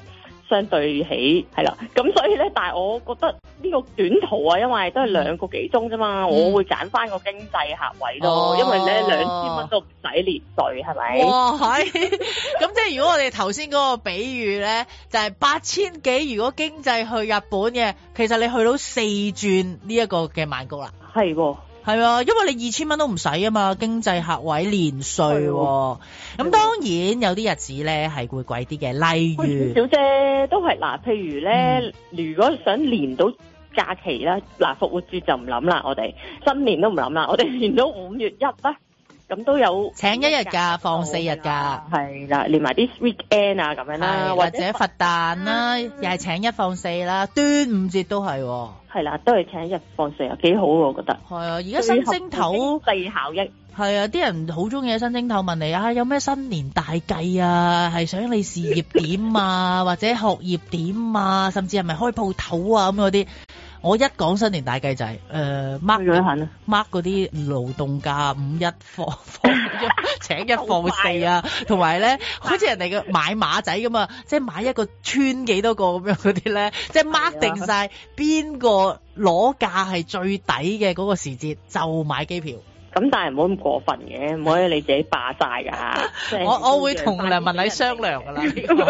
相對起係啦，咁所以咧，但係我覺得呢個短途啊，因為都係兩個幾鐘啫嘛，嗯、我會揀翻個經濟客位咯，哦、因為咧兩千蚊都唔使連稅，係咪、哦？吧哇，係，咁 [LAUGHS] 即係如果我哋頭先嗰個比喻咧，就係八千幾，如果經濟去日本嘅，其實你去到四轉呢一個嘅曼谷啦，係喎。係啊，因為你二千蚊都唔使啊嘛，經濟客位連稅，啊。咁當然有啲日子咧係會貴啲嘅，例如，小姐都係嗱，譬如咧，嗯，如果想連到假期啦，嗱，復活節就唔諗啦，我哋新年都唔諗啦，我哋連到五月一啦。咁都有假請一日㗎，放四日㗎，係啦，連埋啲 weekend 啊咁樣啦，的或者佛誕啦，又係誕、啊、請一放四啦，端午節都係，係啦，都係請一日放四，幾好喎，我覺得。係啊，而家新正頭利效益，係啊，啲人好中意新正頭問你啊，有咩新年大計啊？係想你事業點啊， [LAUGHS] 或者學業點啊，甚至係咪開鋪頭啊咁嗰啲。我一講新年大計就係，呃 mark 咗一下，mark 嗰啲勞動價五一放一請一放四 [LAUGHS] 貨啊，同埋咧， [LAUGHS] 好似人哋嘅買馬仔咁啊，即係買一個村幾多個咁樣嗰啲咧，即係 mark 定晒邊個攞價係最抵嘅嗰個時節就買機票。咁但係唔好咁過分嘅，唔可以你自己霸曬㗎 [LAUGHS] 我我會同梁文禮商量㗎啦，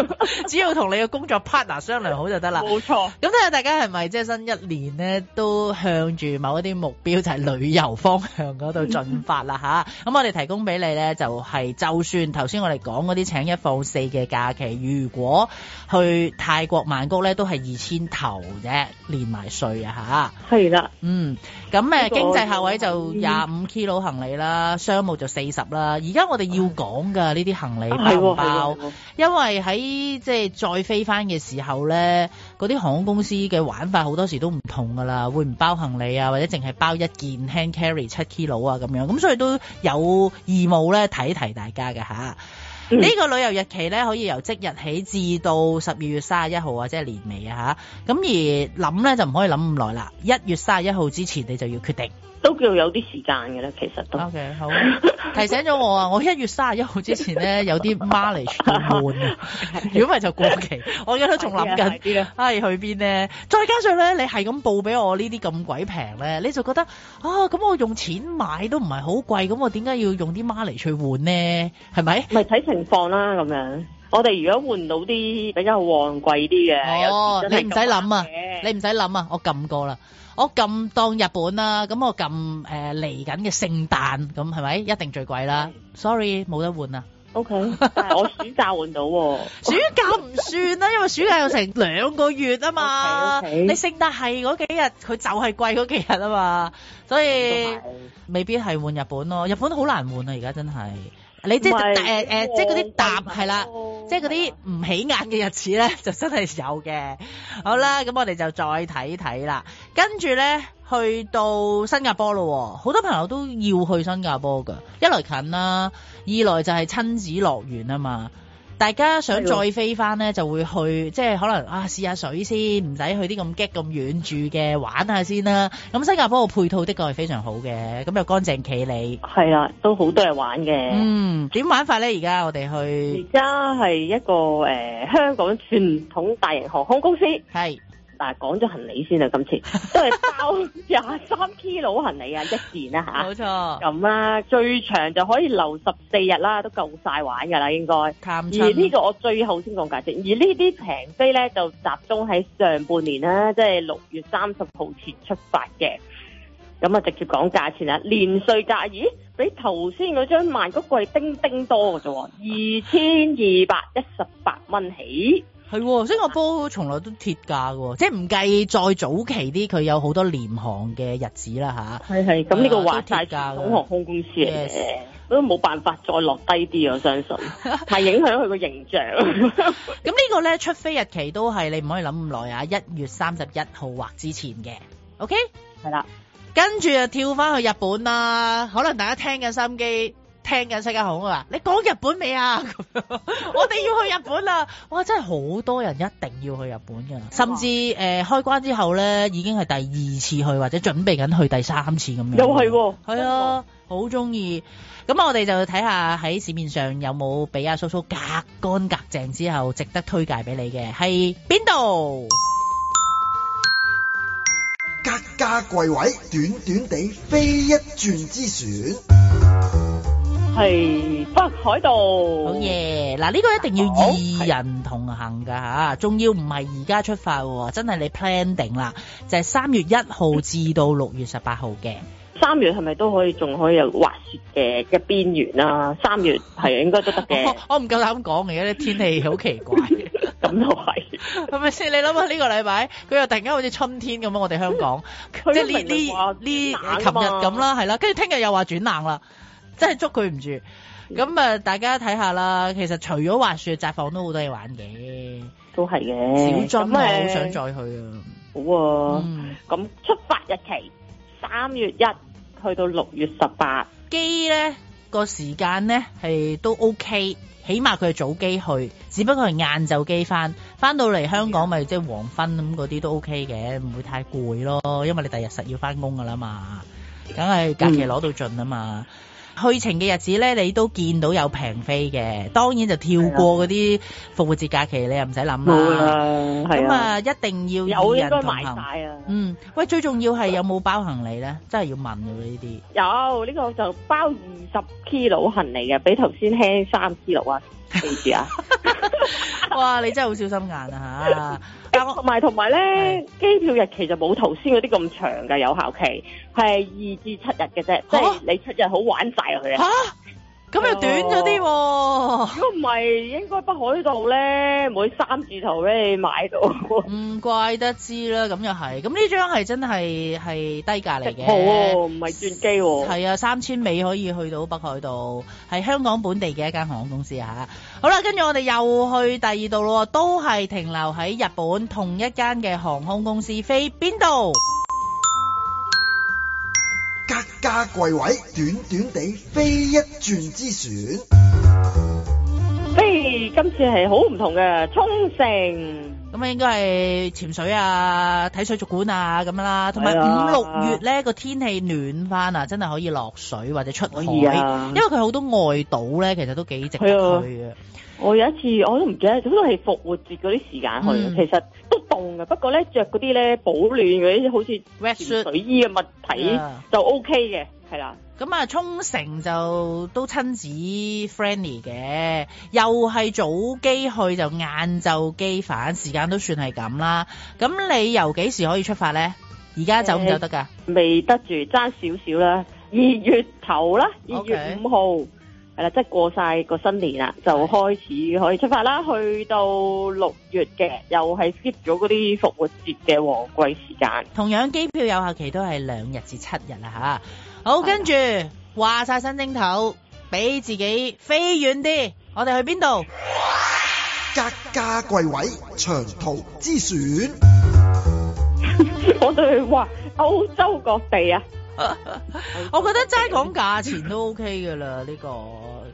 家 [LAUGHS] 只要同你嘅工作 partner 商量好就得啦。冇錯。咁睇下大家係咪即係新一年呢都向住某一啲目標就係、是、旅遊方向嗰度進發啦吓，咁 [LAUGHS] 我哋提供俾你咧就係，就算頭先我哋講嗰啲請一放四嘅假期，如果去泰國曼谷咧都係二千頭啫，連埋稅啊吓，係啦。嗯。咁誒經濟下位就廿五 kilo 行李啦，商務就四十啦。而家我哋要講噶呢啲行李包唔包？因為喺即係再飛翻嘅時候呢，嗰啲航空公司嘅玩法好多時都唔同噶啦，會唔包行李啊，或者淨係包一件 hand carry 七 kilo 啊咁樣。咁所以都有義務咧睇提大家嘅吓。呢、嗯、個旅遊日期呢，可以由即日起至到十二月三十一號啊，即係年尾啊吓。咁而諗呢，就唔可以諗咁耐啦，一月三十一號之前你就要決定。都叫有啲時間嘅啦，其實都。O、okay, K 好，提醒咗我啊！我一月卅一號之前咧 [LAUGHS] 有啲 money 馬嚟換，如果唔係就過期。 [LAUGHS] 我而家都仲諗緊，唉、啊哎，去邊咧？再加上咧，你係咁報俾我呢啲咁鬼平咧，你就覺得啊，咁我用錢買都唔係好貴，咁我點解要用啲 m 馬嚟換呢？係咪？唔係睇情況啦，咁樣。我哋如果換到啲比較旺季啲嘅，哦，你唔使諗啊，你唔使諗啊，我撳過啦。我咁當日本啦、啊，咁我咁誒嚟緊嘅聖誕，咁係咪一定最貴啦 okay,？Sorry，冇得換 [LAUGHS] 啊。OK，我暑假換到，暑假唔算啦、啊，因為暑假有成兩個月啊嘛。Okay, okay 你聖誕係嗰幾日，佢就係貴嗰幾日啊嘛，所以未必係換日本咯，日本都好難換啊，而家真係。你即係即嗰啲淡係啦，啦即係嗰啲唔起眼嘅日子咧，嗯、就真係有嘅。好啦，咁我哋就再睇睇啦。跟住咧，去到新加坡咯、哦，好多朋友都要去新加坡噶，一來近啦，二來就係親子樂園啊嘛。大家想再飛翻呢，就會去的即係可能啊試下水先，唔使去啲咁激咁遠住嘅玩下先啦。咁新加坡個配套的確係非常好嘅，咁又乾淨企理。係啦，都好多人玩嘅。嗯，點玩法呢？而家我哋去而家係一個、呃、香港傳統大型航空公司。係。但嗱，講咗行李先啦，今次都係包廿三 k 佬行李啊，一件啦，啊、吓，冇錯。咁啦，啊，最長就可以留十四日啦，都夠晒玩噶啦，應該。探親。而呢個我最後先講價錢，而呢啲平飛呢，就集中喺上半年啦，即係六月三十號前出發嘅。咁啊，直接講價錢啦，連稅價，咦，比頭先嗰張萬嗰個係叮叮多嘅啫喎，二千二百一十八蚊起。係，所以新加坡從來都貼價喎，即係唔計再早期啲，佢有好多廉航嘅日子啦吓。係係的，咁呢、啊、個貼價嘅航空公司嚟嘅，是都冇辦法再落低啲，我相信。係 [LAUGHS] 影響佢個形象。咁 [LAUGHS] 呢個咧出飛日期都係你唔可以諗咁耐啊，一月三十一號或之前嘅。OK，係啦的，跟住就跳翻去日本啦。可能大家聽緊心機。聽緊世界航空啊！你講日本未啊？ [LAUGHS] 我哋要去日本啦！哇，真係好多人一定要去日本噶，哇甚至誒、呃、開關之後咧，已經係第二次去或者準備緊去第三次咁樣。又係喎、哦，係啊，好中意。咁我哋就睇下喺市面上有冇俾阿蘇蘇隔乾隔淨之後，值得推介俾你嘅係邊度？格價櫃位，短短地飛一轉之船。係北海道，好嘢！嗱，呢個一定要二人同行噶吓，仲要唔係而家出發，真係你 plan 定啦，就係、是、三月一號至到六月十八號嘅、嗯。三月係咪都可以？仲可以有滑雪嘅邊緣啦、啊。三月係 [LAUGHS] 應該都得嘅。我唔夠膽講而家啲天氣好奇怪，咁都係。係咪先？你諗下呢個禮拜，佢又突然間好似春天咁樣！嗯、我哋香港，它也 即係呢呢呢琴日咁啦，係啦，跟住聽日又話轉冷啦。真係捉佢唔住，咁啊！嗯、大家睇下啦。其實除咗滑雪、札幌都好多嘢玩嘅，都係嘅。小樽啊，好想再去啊！好啊，咁、嗯、出發日期三月一去到六月十八。機咧、個時間咧係都 OK，起碼佢係早機去，只不過係晏晝機翻。翻到嚟香港咪即係黃昏咁，嗰啲都 OK 嘅，唔會太攰咯。因為你第日實要翻工噶啦嘛，梗係假期攞到盡啊嘛。嗯去程嘅日子咧，你都見到有平飛嘅，當然就跳過嗰啲復活節假期，你又唔使諗啦。冇啦，係啊。咁啊，一定要二人同行。有呢個賣曬啊。嗯，喂，最重要係有冇包行李咧？真係要問㗎呢啲。有呢個就包二十 kg 行李嘅，比頭先輕三 kg 啊。幾時啊？ [LAUGHS] [LAUGHS] 哇，你真係好小心眼啊！吓，同埋同埋咧，機是票日期就冇頭先嗰啲咁長嘅有效期，係二至七日嘅啫，即係、啊、你七日好玩晒佢啊！咁又短咗啲，如果唔係，應該北海道咧，每三字頭咧，你買到。唔怪得知啦，咁又係，咁呢張係真係係低價嚟嘅，冇喎、哦，唔係轉機喎、哦。係啊，三千美可以去到北海道，係香港本地嘅一間航空公司吓、啊，好啦，跟住我哋又去第二度咯，都係停留喺日本同一間嘅航空公司，飛邊度？各家貴位，短短地飛一轉之船。嘿，今次係好唔同嘅，沖繩。咁啊，應該係潛水啊，睇水族館啊，咁樣啦。同埋五六月咧，個天氣暖返啊，真係可以落水或者出海，啊、因為佢好多外島咧，其實都幾值得去嘅。我有一次我都唔記得，都係復活節嗰啲時間去，嗯、其實都凍㗎。不過咧着嗰啲咧保暖嗰啲好似防水衣嘅物體就 OK 嘅，係啦 Yeah. 的。咁啊，沖繩就都親子 friendly 嘅，又係早機去就晏晝機返，時間都算係咁啦。咁你由幾時可以出發咧？而家走唔走得㗎？未、呃、得住，爭少少啦，二月頭啦，二月五號。Okay. 係啦，即係過晒個新年啦，就開始可以出發啦，去到六月嘅，又係 skip 咗嗰啲復活節嘅旺季時間。同樣機票有效期都係兩日至七日啦，吓。好，的跟住話晒新正頭，俾自己飛遠啲。我哋去邊度？格價貴位，長途之選。我哋去話歐洲各地啊！ [LAUGHS] 我覺得齋講價錢都 OK 嘅啦，呢、呢個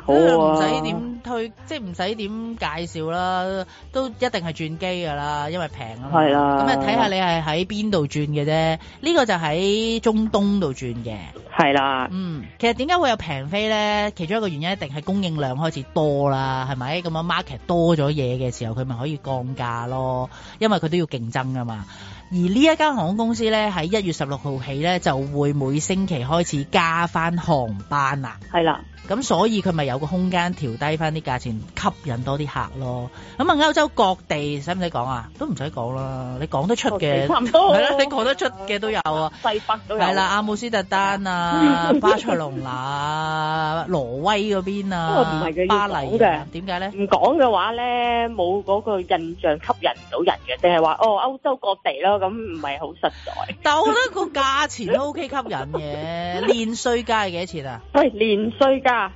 好唔使點推，即係唔使點介紹啦，都一定係轉機㗎啦，因為平啊嘛。係啦。咁啊，睇下你係喺邊度轉嘅啫。呢、呢個就喺中東度轉嘅。係啦、啊。嗯，其實點解會有平飛咧？其中一個原因一定係供應量開始多啦，係咪？咁樣 market 多咗嘢嘅時候，佢咪可以降價咯。因為佢都要競爭㗎嘛。而呢一間航空公司咧，喺一月十六號起咧，就會每星期開始加翻航班啦。係啦。咁所以佢咪有個空間調低翻啲價錢，吸引多啲客咯。咁啊，歐洲各地使唔使講啊？都唔使講啦，你講得出嘅，係啦，你講得出嘅都有啊。西北都有。係啦，阿姆斯特丹啊，巴塞隆拿、挪威嗰邊啊。唔係嘅，巴黎嘅。點解咧？唔講嘅話咧，冇嗰個印象吸引唔到人嘅，定係話哦？歐洲各地咯，咁唔係好實在。但我覺得個價錢 OK，吸引嘅，連稅價係幾多錢啊？係連稅價。啊，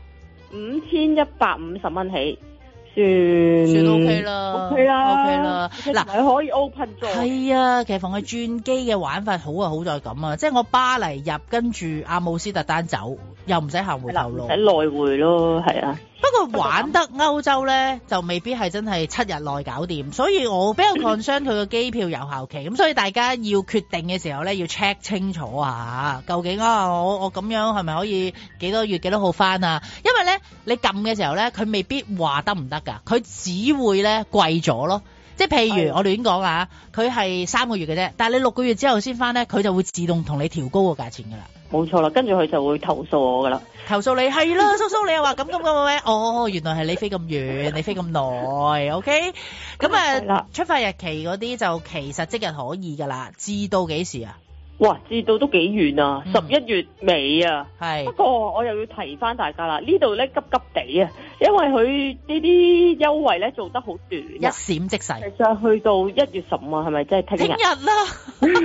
五千一百五十蚊起，算算 OK 啦，OK 啦，O K 啦嗱，係可，可，可以 open 咗，係啊，其實凡係轉機嘅玩法好啊，好在咁啊，即係我巴黎入，跟住阿姆斯特丹走，又唔使行回頭路，唔使、啊、來回咯，係啊。不過玩得歐洲呢，就未必係真係七日內搞掂，所以我比較 concern 佢個機票有效期，咁所以大家要決定嘅時候呢，要 check 清楚啊，究竟啊，我我咁樣係咪可以幾多月幾多號返啊？因為呢，你撳嘅時候呢，佢未必話得唔得㗎，佢只會呢，貴咗咯。即係譬如我亂講啊，佢係的三個月嘅啫，但你六個月之後先翻咧，佢就會自動同你調高個價錢㗎啦。冇錯啦，跟住佢就會投訴我㗎啦，投訴你係啦，叔叔 [LAUGHS] 你又話咁咁咁咩？哦，原來係你飛咁遠，你飛咁耐，OK？咁啊出發日期嗰啲就其實即日可以㗎啦，至到幾時啊？哇，至到都幾遠啊，十一、嗯、月尾啊，係是。不過我又要提翻大家啦，呢度咧急急地啊！因為佢呢啲優惠咧做得好短，一閃即逝。其實去到一月十五係咪？即係聽日。聽日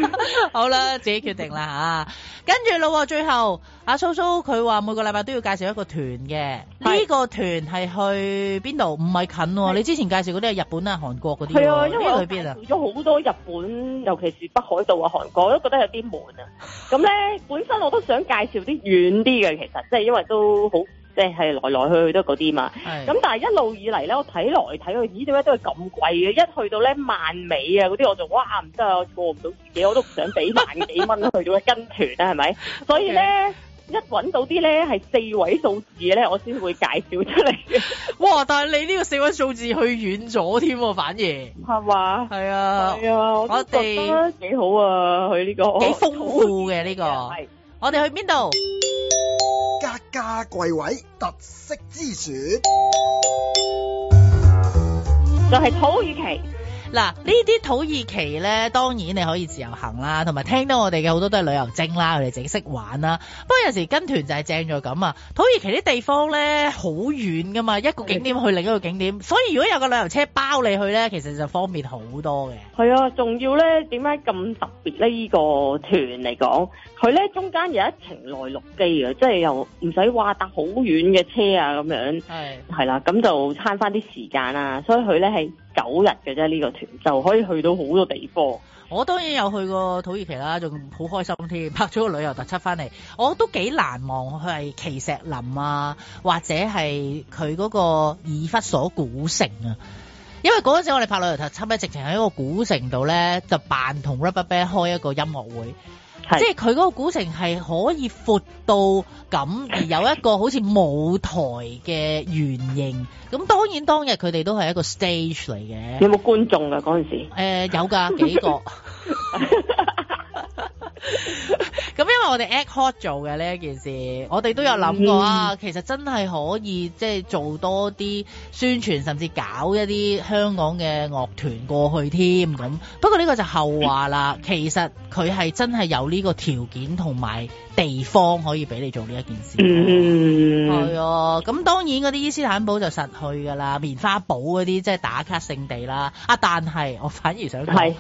啦，好啦，自己決定啦啊！ [LAUGHS] 跟住咯，最後阿蘇蘇佢話每個禮拜都要介紹一個團嘅。呢是個團係去邊度？唔係近、哦。是你之前介紹嗰啲係日本啊、韓國嗰啲。係啊，因為我去咗好多日本， [LAUGHS] 尤其是北海道啊、韓國，都覺得有啲悶啊。咁咧，本身我都想介紹啲遠啲嘅，其實即係因為都好。即係來來去去都嗰啲嘛，咁但係一路以嚟咧，我睇來睇去，咦點解都係咁貴嘅？一去到咧萬美啊嗰啲，我就哇唔得啊，我過唔到自己，我都唔想俾萬幾蚊去到一跟團啦，係咪？所以咧，一揾到啲咧係四位數字嘅咧，我先會介紹出嚟嘅。哇！但係你呢個四位數字去遠咗添，反而係嘛？係啊，係啊，我哋幾好啊，去呢個幾豐富嘅呢個。我哋去邊度？一家貴位特色之選，就係土耳其。嗱，呢啲土耳其呢，當然你可以自由行啦，同埋聽到我哋嘅好多都係旅遊精啦，佢哋自己識玩啦。不過有時跟團就係正咗咁啊。土耳其啲地方呢，好遠噶嘛，一個景點去另一個景點，所以如果有個旅遊車包你去呢，其實就方便好多嘅。係啊，仲要呢點解咁特別呢？呢個團嚟講，佢呢中間有一程內陸機啊，即係又唔使話搭好遠嘅車啊咁樣。係係啦，咁就慳翻啲時間啦，所以佢呢係。九日嘅啫，呢個團就可以去到好多地方。我當然有去過土耳其啦，仲好開心添，拍咗個旅遊特輯翻嚟。我都幾難忘，佢係奇石林啊，或者係佢嗰個以弗所古城啊。因為嗰陣時候我哋拍旅遊特輯咧，直情喺一個古城度咧，就扮同 Rubberband 開一個音樂會。是即係佢嗰個古城係可以闊到咁，而有一個好似舞台嘅圓形。咁當然當日佢哋都係一個 stage 嚟嘅、呃。有冇觀眾啊嗰陣時？誒，有噶幾個。 [LAUGHS] 咁 [LAUGHS] 因為我哋 Echo 做嘅呢一件事，我哋都有諗過、嗯、啊。其實真係可以即係、就是、做多啲宣傳，甚至搞一啲香港嘅樂團過去添。咁不過呢個就後話啦。嗯、其實佢係真係有呢個條件同埋地方可以俾你做呢一件事。嗯，啊。咁當然嗰啲伊斯坦堡就實去㗎啦，棉花堡嗰啲即係打卡聖地啦。啊，但係我反而想講。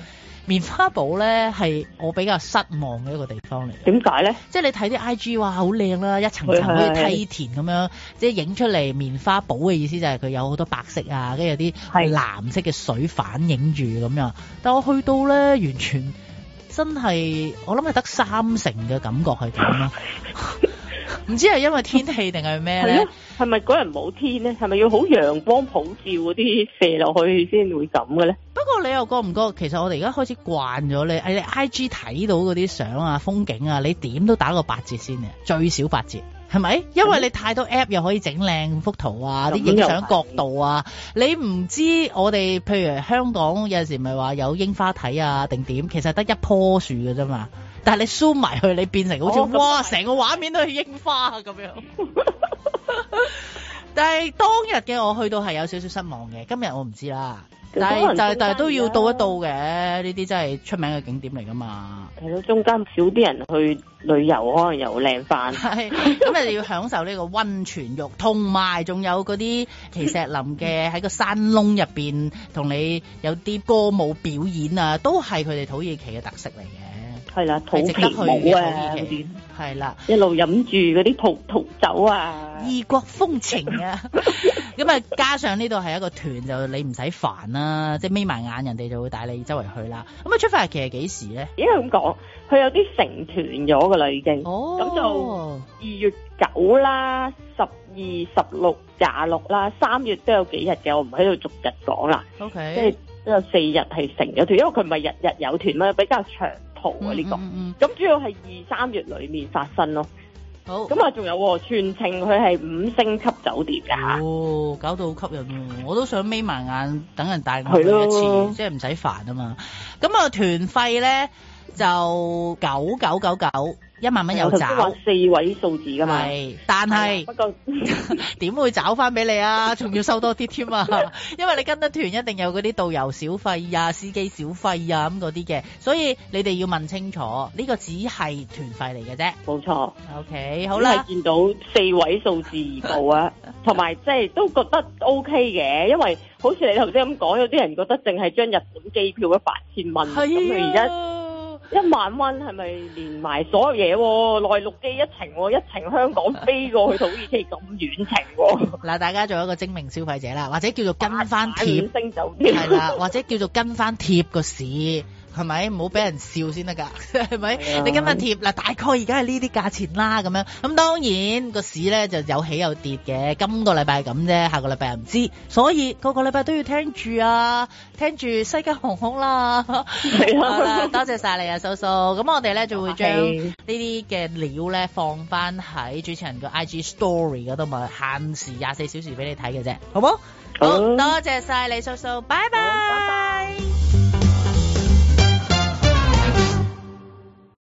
棉花堡咧係我比較失望嘅一個地方嚟，點解咧？即係你睇啲 IG 哇好靚啦，一層層好似梯田咁樣，是是是即係影出嚟棉花堡嘅意思就係佢有好多白色啊，跟住有啲係藍色嘅水反映住咁樣，但我去到咧，完全真係我諗係得三成嘅感覺係咁啦。 [LAUGHS] 唔知係因為天氣定係咩咧？係咪嗰日冇天咧？係咪要好陽光普照嗰啲射落去先會咁嘅咧？不過你又覺唔覺？其實我哋而家開始慣咗你你 I G 睇到嗰啲相啊、風景啊，你點都打個八折先嘅，最少八折，係咪？因為你太多 app 又可以整靚幅圖啊，啲影相角度啊，你唔知我哋譬如香港有陣時咪話有櫻花睇啊，定點？其實得一棵樹嘅啫嘛。但係你 s o m 埋去，你變成好似，哦、哇，成個畫面都係櫻花咁樣。 [LAUGHS] [LAUGHS] 但係當日嘅我去到係有少少失望嘅，今日我唔知啦。但係但係是但係都要到一到嘅，呢啲真係出名嘅景點嚟㗎嘛。係咯，中間少啲人去旅遊，可能又靚翻。係 [LAUGHS] 咁你哋要享受呢個溫泉浴，同埋仲有嗰啲奇石林嘅喺 [LAUGHS] 個山窿入邊，同你有啲歌舞表演啊，都係佢哋土耳其嘅特色嚟嘅。係啦，肚皮舞啊嗰啲係啦，一路飲住嗰啲葡萄酒啊，異國風情啊，咁啊，加上呢度係一個團， [LAUGHS] 就你唔使煩啦， [LAUGHS] 即係眯埋眼，人哋就會帶你周圍去啦。咁啊，出發日期係幾時咧？應該咁講，佢有啲成團咗噶啦，已經哦，咁就二月九啦、十二、十六、廿六啦，三月都有幾日嘅，我唔喺度逐日講啦。O K，即係都有四日係成咗團，因為佢唔係日日有團啦，比較長。好啊！呢個咁主要係二三月裏面發生咯，好咁啊，仲有，全程佢係五星級酒店噶，哦，搞到好吸引啊！我都想眯埋眼等人帶我去一次，的即係唔使煩啊嘛！咁啊，團費咧？就九九九九，一萬蚊有找。頭先話四位數字噶嘛，係，但係不過點會找翻俾你啊？仲要收多啲添啊！因為你跟得團一定有嗰啲導遊小費啊、司機小費啊咁嗰啲嘅，所以你哋要問清楚，呢個只係團費嚟嘅啫。冇錯。OK，好啦。因為見到四位數字而部啊，同埋即係都覺得 OK 嘅，因為好似你頭先咁講，有啲人覺得淨係將日本機票嘅八千蚊，咁佢而家。一萬蚊係咪連埋所有嘢，哦？內陸機一程，哦，一程香港飛過去土耳其咁遠程，哦。嗱， [LAUGHS] 大家做一個精明消費者啦，或者叫做跟翻貼，升就跌。係 [LAUGHS] 啦，或者叫做跟翻貼個市。係咪？唔好俾人笑先得噶，係咪？係啊，你今日貼嗱，大概而家係呢啲價錢啦，咁樣。咁當然個市咧就有起有跌嘅，今個禮拜係咁啫，下個禮拜又唔知。所以個個禮拜都要聽住啊，聽住西加航空啦。係、啊、 [LAUGHS] 多謝晒你啊，蘇蘇。咁我哋咧就會將呢啲嘅料咧放翻喺主持人個 IG Story 嗰度咪限時廿四小時俾你睇嘅啫，好唔好？嗯、好。多謝晒你，蘇蘇拜！拜拜。